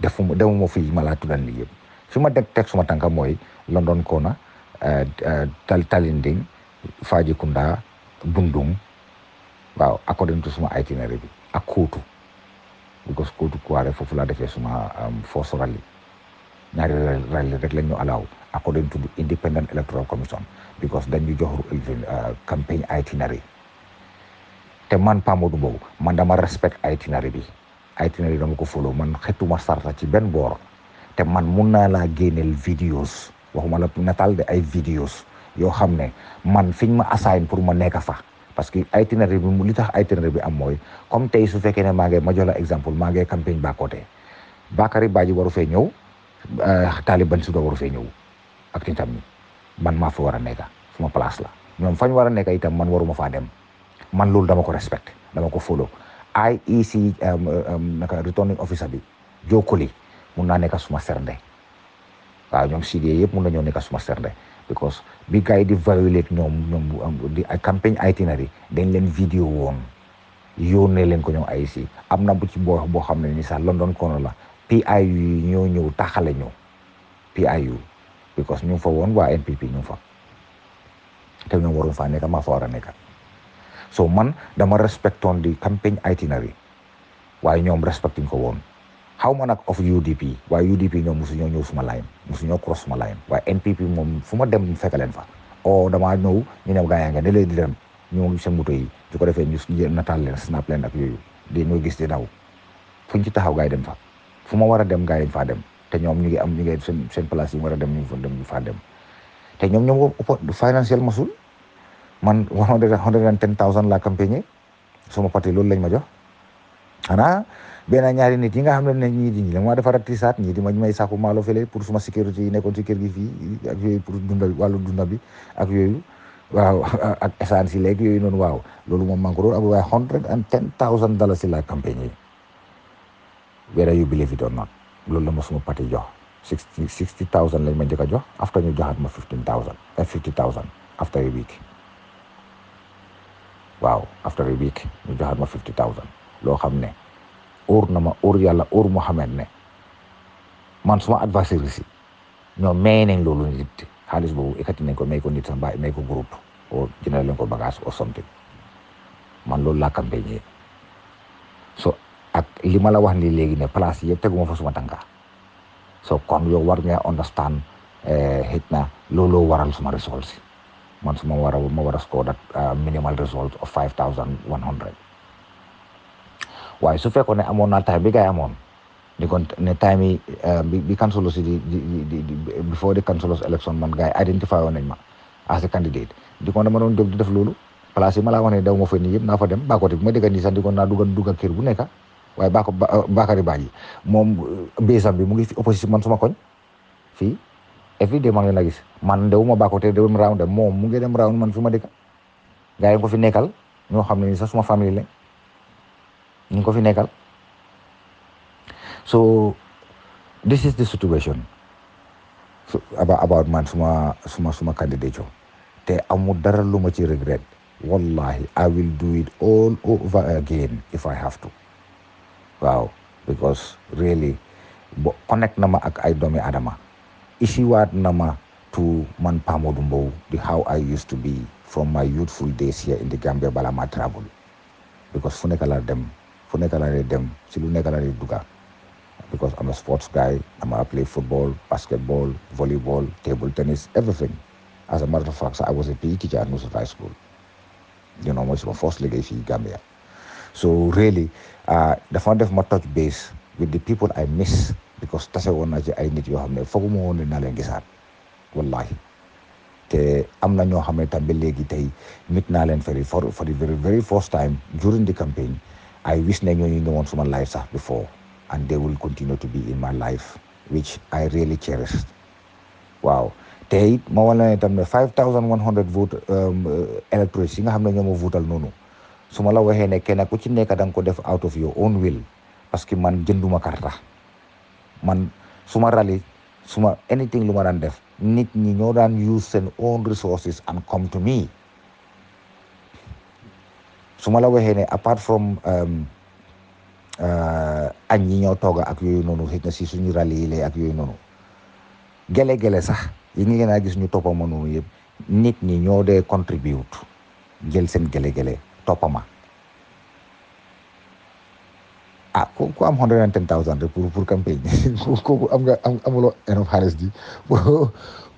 defuma demuma fi ma la tuddal nii yëpp teg suma tànka mooy London Corner eh, Talinding Fajikunda Bundung waaw according to suma itinéraire bi ak kóotu because kóotu kuwaare foofu laa defee suma um, force rally ñaari rally rek lañ ñu allow according to independent electoral commission because dañu jox uh, campagne itinéraire te man Pa Modou man dama respect itinéraire bi itinéraire dama ko follow man xetuma sarta ci benn boor te man mun naa laa génneel videos waxuma la nataal de ay videos yoo xam ne man fiñ ma assign pour ma nekk fa parce que itinéraire bi li tax itinéraire bi am mooy comme tey su fekkee ne maa ngi ma jox eh, la exemple maa ngi campagne Bakoteh Bakary Badji waru fee ñëw Talib Bensouda waru fee ñëw ak tintam ñi man maa fa war nekk suma place la fañ nekk itam man waruma faa dem man loolu dama ko respect dama ko follow IEC naka returning officer bi jokoli mun naa nekk suma sernde waaw ñoom sidee yëpp mun nañoo nekk suma sernde because bi gars yi di violate ñoom ñoom di campagne itinéraire dañ leen vidéo woon yónnee leen ko ñoom ay si am na bu ci boo boo xam ne ni sax London kono la PIU yi ñoo ñëw taxale ñëw PIU because ñu fa woon waa NPP ñu fa te ñoom waroon faa nekk maa fa war a nekk so man dama respectoon di campagne itinéraire waaye ñoom respectuñ ko woon xaw ma nag of UDP waaye UDP ñoom mosu ñoo ñëw suma line mosu ñoo cross suma line waaye NPP moom fu ma dem fekk leen fa o oh, damaa ñëw ñu ne gaa yaa nga ne leen di dem ñoo seen moto yi su ko defee nataal leen snap leen ak yooyu di ñoo gis di daw fuñ ci taxaw gaa yi dem fa fu ma war a dem gaa faa dem te ñoom ñu ngi am ñu ngi seen seen place yi dem ñu fa dem ñu faa dem te ñoom ñoom ko financial masul man one hundred and ten thousand la campagne suma parti loolu lañ ma jox xanaa benn ñaari nit yi nga xam ne ñii di la ma defaraat tisaat ñii di ma may sàkku maalo fële pour suma sécurité yi nekkoon ci kër gi fii ak yooyu pour dunda bi wàllu bi ak yooyu waaw ak essence si léegi yooyu noonu waaw loolu moom maa ngi ko doon ab waaye hundred and ten thousand dollars si la campagne yi whether you believe it or not loolu la ma suma parti jox sixty sixty thousand lañ ma njëkk a jox after ñu joxaat ma fifteen thousand eh, fifty thousand after a week waaw after a week ñu joxaat ma fifty thousand loo xam ne óor na ma óor yàlla óor Muhammad ne man suma adversaire si ñoom may nañ loolu nit xaalis boobu ekkati nañ ko may ko nit sax mbaa may ko groupe oo jëndal leen ko bagage or something man loolu laa campagne so ak li ma la wax nii léegi ne place yëpp teguma fa suma tànka so kon yow war nga understand eh, xëj na looloo waral suma results man suma war a ma war a score that uh, minimal result of five thousand one hundred waaye su fekkoon ne amoon naa time bi gars yi amoon kon ne time bi bi councilors di di di di before the councilors election man gars yi identify woon nañ ma as a candidate di kon dama doon jóg def loolu place yi ma laa wax ne daw ma fa nii yëpp naa fa dem Bakoteh bu ma dégg nii sax di kon naa dugal dugal kër bu nekk waaye Bako Bakary uh, Badji moom uh, Besam bi mu ngi fi opposition man suma koñ fii every day man ngi leen a gis man dewuma Bakoteh dewuma round dem moom mu ngi dem round man fi ma dëkk gars ko fi nekkal ñoo xam ne sax suma famille lañ ñu ngi ko fi nekkal so this is the situation about man suma suma suma candidature te amul dara lu ma ci regret wallahi I will do it all over again if I have to waaw because really bo connect na ma ak ay doomi adama isiwaat na ma to man Pa Modou Mbowe the how I used to be from my youthful days here in the Gambia bala ma travel because fu nekk laa dem fu nekk laa dee dem si lu because I'm a sports guy I'ma play football basketball volleyball table tennis everything as a matter of fact I was a PE teacher at Nusrat High School you know most of my first legacy fii Gambia so really uh, the dafa of my touch base with the people I miss because tase woon naa ci ay nit yoo xam ne fooguma woon ne naa leen gisaat wallahi te am na ñoo xam ne tam ba léegi tey mit naa leen for for the very very first time during the campaign I wish na ñooñu ñëwoon suma life sax before and they will continue to be in my life which I really cherish waaw te it ma wane ne tam ne five thousand one hundred vote um, uh, electors yi nga xam ne ñoo ma votal noonu su ma la waxee ne kenn ku ci nekk da nga ko def out of your own will parce que man jënduma karta man su ma rali su ma anything lu ma daan def nit ñi ñoo daan use seen own resources and come to me su ma la waxee ne apart from um, uh, añ yi ñoo tooga ak yooyu noonu xëy na si suñu rali yi lay ak yooyu noonu gele-gele sax yi ngi gën a gis ñu toppama noonu yëpp nit ñi ñoo dee contribute jël seen gele-gele toppama ah ku ku am hundred and ten thousand rek pour pour campagne kooku am nga am amuloo enough xaalis di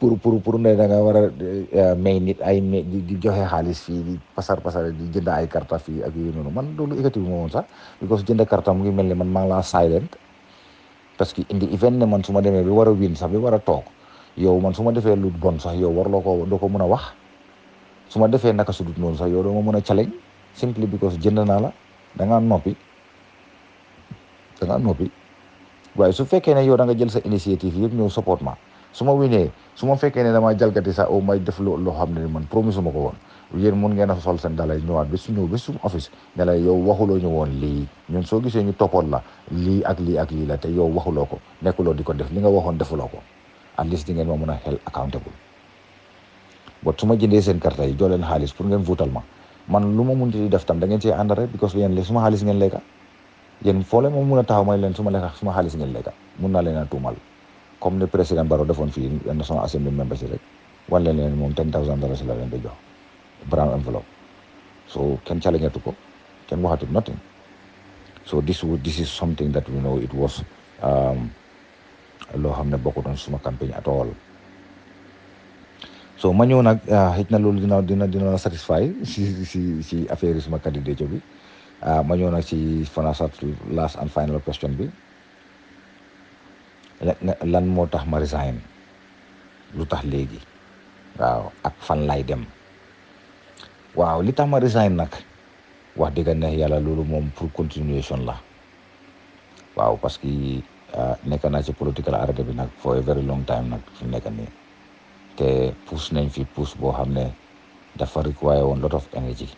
pour pour pour ne da nga war ya, may nit ay may di joxe xaalis di pasar pasar di jënd ay karta fii ak yooyu noonu man loolu ikati bi sax because jënd karta mu ngi mel man maa silent parce que indi event ne man su ma bi war win sax bi war a yow man su ma defee lu bon sax yow warloo ko doo ko mën a wax su ma naka sudut non sax yow doo ma challenge simply because jënd naa la da ngaa nopi, da ngaa noppi waaye su fekkee ne yow da nga jël sa initiative yëpp ñëw support ma su ma winee su ma fekkee ne sa o sax au moins def loo loo xam ne man promise ma ko woon yéen mun ngeen sol seen dalay ñëwaat suñu office ne la yow waxuloo ñu woon li ñun soo gisee ñu toppoon la li ak lii ak lii la te yow waxuloo ko ko def li nga at least di ngeen ma accountable bot su ma jëndee seen e, carte yi jox leen xaalis pour ngeen votal ma man lu ma mun di def tam da ngeen rek because yéen li suma xaalis ngeen lekka yéen foo leen ma mun a taxaw may leen suma lekka suma ngeen comme le président Barrow defoon fii National Assembly members rek wan leen leen moom ten thousand dollars la leen di jox brown envelope so kenn caleñatu ko kenn waxatu nothing so this this is something that we know it was um, loo xam ne bokkutoon suma campagne at all so ma ñëw nag xëj na loolu dina dina dina satisfy si si si affaire yi suma candidature bi uh, ma ñëw nag si last and final question bi lan moo tax ma resign lu tax léegi waaw ak fan lay dem waaw li tax ma resign nag wax dëgg neex yàlla loolu moom pour continuation la waaw parce que euh, nekk naa ci political arrêté bi nag for a very long time nag fi nekk ni te puus nañ fi puus boo xam ne dafa require woon lot of energy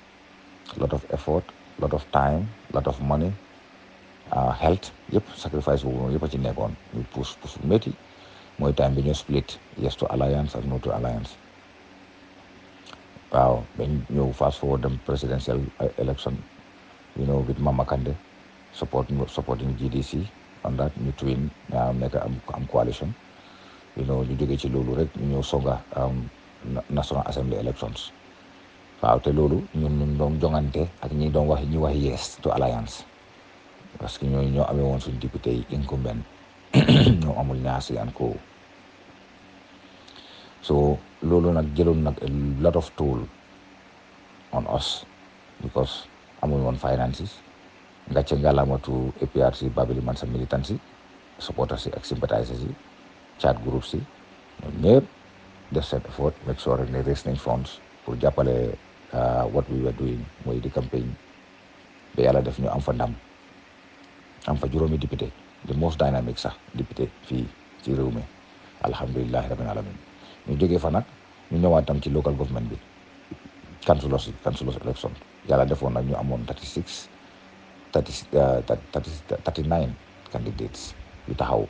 lot of effort lot of time lot of money health yëpp sacrifice boobu noonu yëpp a ci nekkoon ñu pousse pousse bu métti mooy time bi ñu split yes to alliance ak no to alliance waaw dañ ñëw fast forward dem presidential election you know with Mama Kandeh support supporting GDC on that ñu twin am nekk am am coalition you know ñu jógee ci loolu rek ñu ñëw songa um, National Assembly elections waaw te loolu ñun ñu doon ak ñi doon wax ñi wax yes to alliance parce que ñooñu ñoo amee woon suñu député yi incumbent ñoo amul ñaasiyan ko so loolu nag jëloon nag a lot of toll on us because amul woon finances nga ca ngalamatu APRC Babili Mansa militants yi supporters yi ak sympathisers yi chat groups yi ñoom def seen effort make sure ne raise funds pour jàppale uh, what we were doing mooy di campagne ba yàlla def ñu am fa ndam am fa juróomi député the most dynamic sax député fi ci réew mi alhamdulilahi rabbil alamin ñu jógee fa nag ñu ñëwaat tam ci local government bi councilors kan yi councilors kan election yàlla defoon nag ñu amoon thirty six eh, thirty nine candidates yu taxaw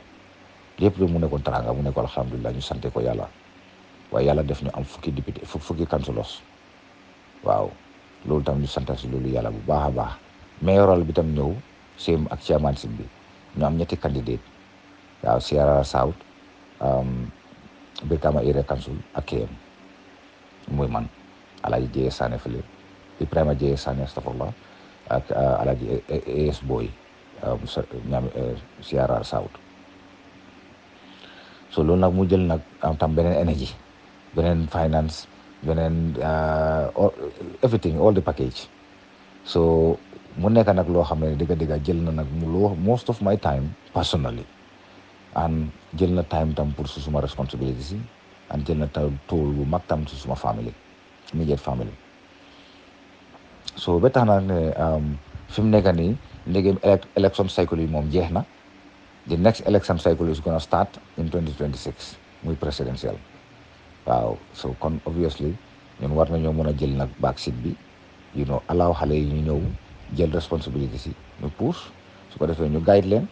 lépp lu mu nekkoon taranga mu nekkoon alhamdulilah ñu sante ko yàlla waaye yàlla def ñu am fukki député fukki councilors kan waaw loolu tam ñu santa si loolu yàlla bu baax a baax mayoral bi tam ñëw same ak chairmanship bi ñu am ñetti candidate waaw Sierra South um, Brikama Area Council ak KM muy man Alaaji Jeye Sane fële Ibrahima Jeye Sane astafurlah ak uh, Alaaji AS Boy ñaam um, uh, Sierra South so loolu nag mu jël nag am tam beneen énergie beneen finance beneen uh, everything all the package mu nekk nag loo xam ne dëgg jël na nag mu loo most of my time personally and jël na time tam pour su suma responsibility si and jël na ta tool bu mag tam su suma family immediate family so ba tax nag ne um, fi mu nekk nii ndegem election cycle i moom jeex na di next election cycle is gonna start in 2026 muy presidential waaw so kon obviously ñun war nañoo mën a jël nag back seat bi you know allow xale yi ñu ñëw jël responsabilité si ñu pousse su ko defee ñu guide leen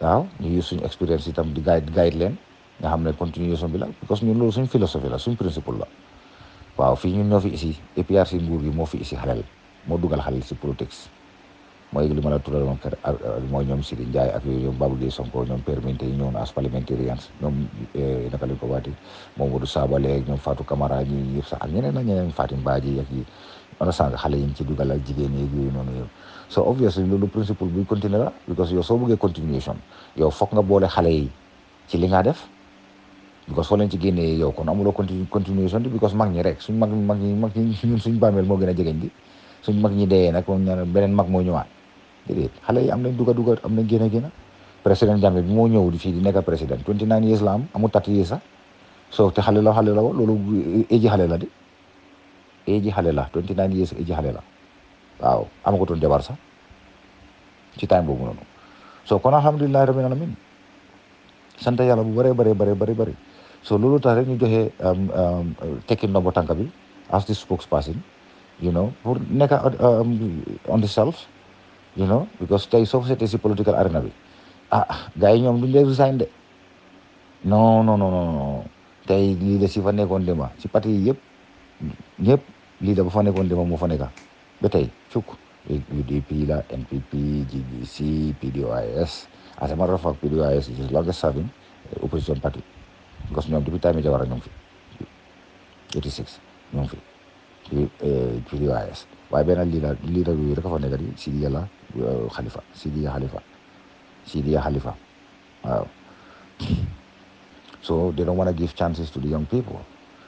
waaw ñu use suñu expérience itam di guide guide leen nga xam ne continuation bi la parce que ñun loolu suñ philosophie la suñ principe la waaw fi ñu ñoo fi isi APRC nguur gi moo fi isi xalel moo dugal xalel si Protex mooy li ma la tuddal moom kër mooy ñoom Sidi Ndiaye ak yooyu ñoom Babou Guèye Sonko ñoom parlementaires yi ñoom as parlementaires ñoom eh, naka lañ ko waati moom Modou Sabale ñoom Fatou Camara ñi ñëpp sax ak ñeneen ak ñeneen Fatim Badji ak yi on a sànq xale yi ñu ci dugal ak jigéen yi yooyu noonu yëpp so obviously loolu principle buy continuation yow foog nga boole xale yi ci li nga def because soo leen ci génnee yow kon amuloo continu continuation bi because mag ñi rek suñ mag mag ñi mag ñi ñun suñ bàmmeel moo gën a jegeñ di suñ mag ñi deyee nag moom ñaan beneen mag moo ñëwaat déedéet xale yi am nañ duga duga am nañ génn génn président Jammeh bi moo ñëw di fii di nekk président 29 years la am amul 30 years sax soo te xale la xale la wa loolu éji eh, eh, eh, la eji xale la twenty nine years eji xale la waaw amagutoon jabar sax ci time boobu noonu so kon alhamdulillahi rabbil alamin sant yàlla bu bëree bëree bëree bëri bëri so loolu tax rek ñu joxe um, um, tekki ndombo tànk bi as the spokesperson you know pour nekk um, on the self you know because tey soo seetee si political arena bi ah gars yi ñoom duñ leen resign de non non non non tey lii de si fa nekkoon dema si parti yi yëpp ñëpp leader bu fa nekkoon li moom moo fa nekka ba tey cuk UDP la NPP GDC PDOIS as a matter of fact is the longest serving eh, opposition party because ñoom depuis time Jawara ñoom fi 86 ñoom fi eh, PDOIS waaye benn leader leader yooyu rek a fa nekk di Sidiya la eh, Khalifa Sidiya Khalifa Khalifa so they don't want to give chances to the young people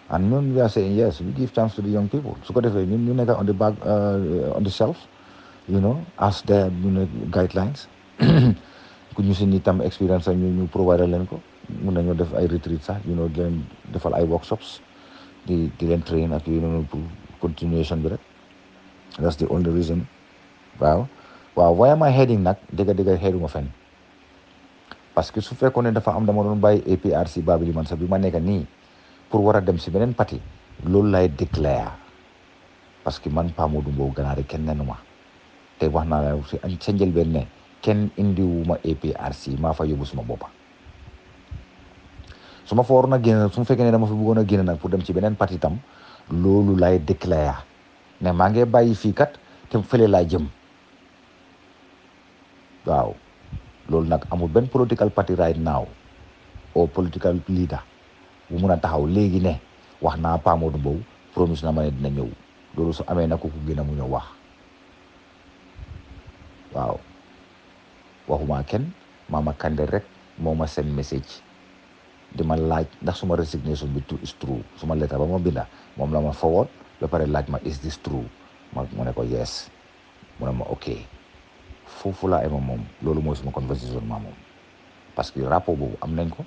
And then we are saying, yes, we give chance to the young people. So, whatever, you know, on the back, uh, on the shelf, you know, as their you know, guidelines. ku you see ni tam expérience and you provider a ko muna nañoo def ay retreat sa you know then the defal ay workshops di di train at yooyu noonu continuation bi that's the only reason Wow, wow. why am I heading nak? dëgg dëgg heading fenn parce que su fekkoon ne dafa am dama doon by APRC Babili man sabi bi ma pour war a dem si beneen parti loolu laay déclare parce que man Pa Modou Mbow Ganaare kenn nenu ma te wax naa la si sa njëlbeen ne kenn indiwuma APRC ma fa yóbbu suma boppa suma ma fa waroon a su fekkee ne dama fi bëggoon a génn nag pour dem ci beneen parti tam loolu laay déclare ne maa ngi bàyyi fii kat te fële laa jëm waaw loolu nag amul benn political party right now or political leader bu mun a taxaw léegi ne wax naa Pa boobu Mbow promise na ma ne dina ñëw loolu su amee na ko ku gën a mu ñëw wax waaw waxuma kenn Mama Kandeh rek moo ma seen message di ma laaj ndax suma resignation bi tout is true ma lettre ba ma binda moom la ma forward ba pare laaj ma is this true ma mu ne ko yes mu ne ma ok foofu laa ema moom loolu mooy suma conversation ma moom parce que rapport boobu am nañ ko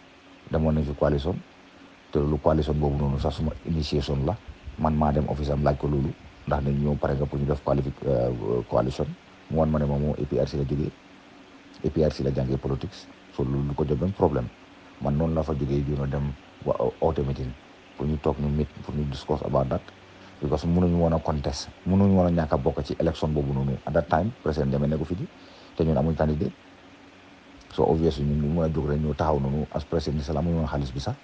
demoon nañ ci coalition te lu eh, coalition boobu noonu sax suma initiation la man maa dem office am laaj ko loolu ndax dañ ñëw pare nga pour ñu def coalition mu wan ma ne ma APRC la APRC la politics so lulu lu ko jox benn problème man noonu la fa jógee juno dem wa oote pour ñu toog ñu meet pour ñu discuss about that because mënuñu woon a contest mënuñu woon a ñàkk a ci at that time président Jammeh fidi fi di te ñun amuñ candidat so obviously ñun ñu mën a tahu rek ñu taxaw as président ni sala amuñu bisa bi sax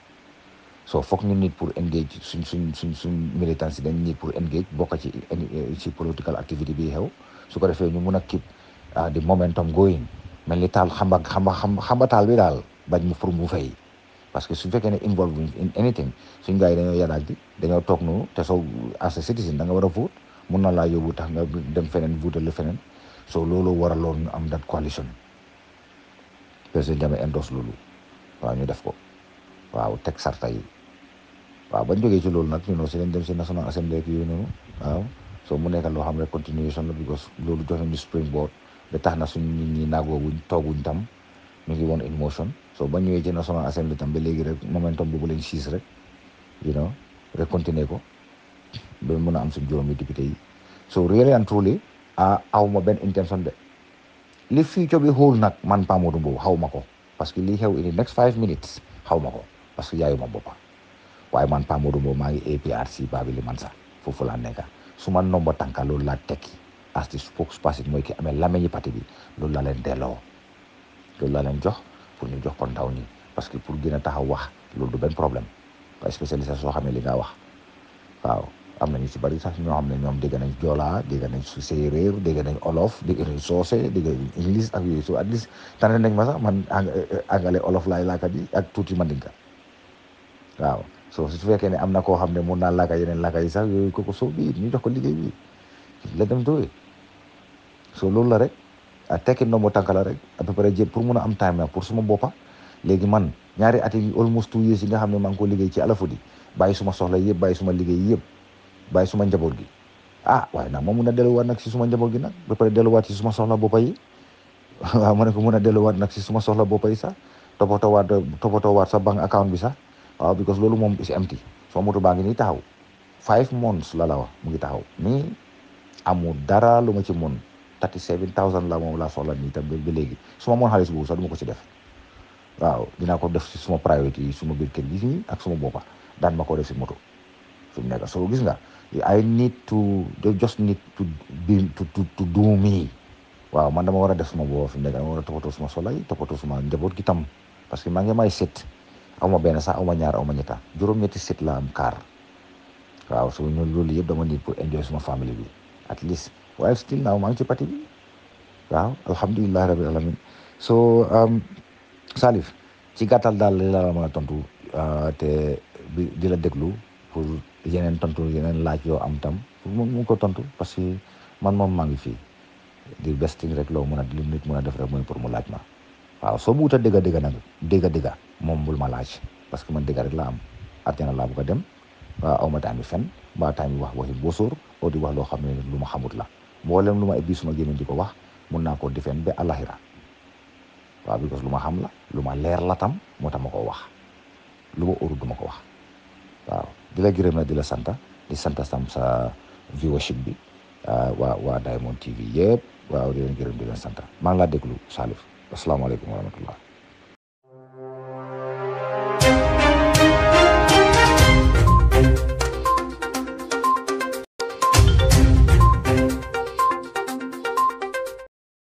so foog ñu nit pour engage suñ suñ suñ suñ militants yi dañ nit pour engage bokk ci eh, ci political activity bi xew su ko defee ñu mun a keep di ah, momentum going mel ni taal xamba xamba xamba taal bi daal bañ mu pour mu fay parce que su fekkee ne involve in anything suñ gars yi dañoo yadaaj bi dañoo toog noonu te soo as a citizen da nga war a vote mun na laa yóbbu tax nga dem feneen voté feneen so loolu war a loon ñu am dat coalition président Jammeh endosse loolu waaw ñu def ko waaw teg waaw bañ jógee ci loolu nag ñu noonu si lañ dem si national assembly ak yooyu waaw soo mu nekkal loo xam ne continuation la because loolu jox nañu springboard ba tax na suñu nit ñi naagoo wuñ tooguñ tam ñu ngi woon in motion so ba ñëwee ci national assembly tam ba léegi rek momentum boobu lañ siis rek you know rek continuer ko ba mën a am suñ juróomi député yi so really and truly a aw ma benn intention de li future bi xool nag man Pa Modou Mbowe xaw ma ko parce que li xew in the next five minutes xaw ma ko parce que yaayu ma boppam waaye man Pa Modou Mbow maa ngi APRC Babili sax foofu laa nekk su ma nomba tànka loolu laa tekki as di spokesperson mooy ki amee lameñi parti bi loolu laa leen delloo loolu laa leen jox pour ñu jox ko ndaw ñi parce que pour gën a taxaw wax loolu du benn problème spécialiste soo xamee li nga wax waaw am na ñu si bari sax ñoo xam ne ñoom dégg nañ joolaa dégg nañ su séeréer dégg nañ olof dégg nañ soose dégg nañ english ak yooyu so at least tànn nañ ma sax man eh, eh, anglais olof laay laaka bi ak tuuti mandinka waaw so si ne amna koo xam ne mun naa lakka yeneen lakka yi sax yooyu kooku soo bii ñu jox ko liggéey bi let them do it so loolu la rek a tekki ndombo tànk la rek à peu près pour mun a am time na pour suma boppa léegi man ñaari at yi almost two years yi nga xam ne maa ngi ko liggéey ci alafudi bàyyi suma soxla yëpp bàyyi suma liggéey yëpp bàyyi suma njaboot gi ah waaye nag ma mun a delluwaat nag si suma njaboot gi nag ba pare delluwaat si suma soxla boppa yi waaw ma ne ko mun a delluwaat nag si suma soxla boppa yi sax toppatoo waat sa bank account bi sax waaw ah, because loolu moom is empty soo moto baa ngi nii taxaw five months la la wax mu ngi taxaw mais amul dara lu ma ci mën thirty seven thousand la moom laa soxla nii tam ba léegi su ma xaalis boobu sax du ma ko ci def waaw dinaa ko def si suma priorité yi suma biir kër gi ak suma boppa daan ma ko def si moto fi mu nekk soo gis nga I need to just need to be to to to do me waaw man dama war a def suma booba fi mu nekk dama war a toppatoo suma soxla yi suma njaboot gi tam parce que maa ngi may set awma benn sax awma ñaar awma ñetta juróom-ñetti sit la am kaar waaw su ñu loolu yëpp dama nit pour enjoy suma famille bi at least waaye still naaw maa ngi ci pati bi waaw alhamdulilahi rabil alamin so um, Salif ci gàttal daal li la mën a tontu uh, te di la déglu pour yeneen tontu yeneen laaj yoo am tam pour mu ko tontu parce que man moom maa ngi fii di besting thing rek loo mën a li nit mën a def rek mooy pour mu laaj ma waaw soo bëggut a dégg nag moom bul ma laaj parce que man dëgg rek la am àjjana laa bëgg a dem aw eh, ma daan fen ba temps mi wax waxi boosoor oo oh, di wax loo xam ne lu ma xamut la mboolem lu ma suma gémmiñ di ko wax mun naa koo defen ba àlaxira waaw because lu ma xam la leer la tam wax urut ko wax di la gërëm Santa, di Santa tamsa di sam sa viewership bi eh, waa waa Diamond TV yeb wa di leen gërëm di leen sant maa ngi laa déglu Salif wa rahmatullah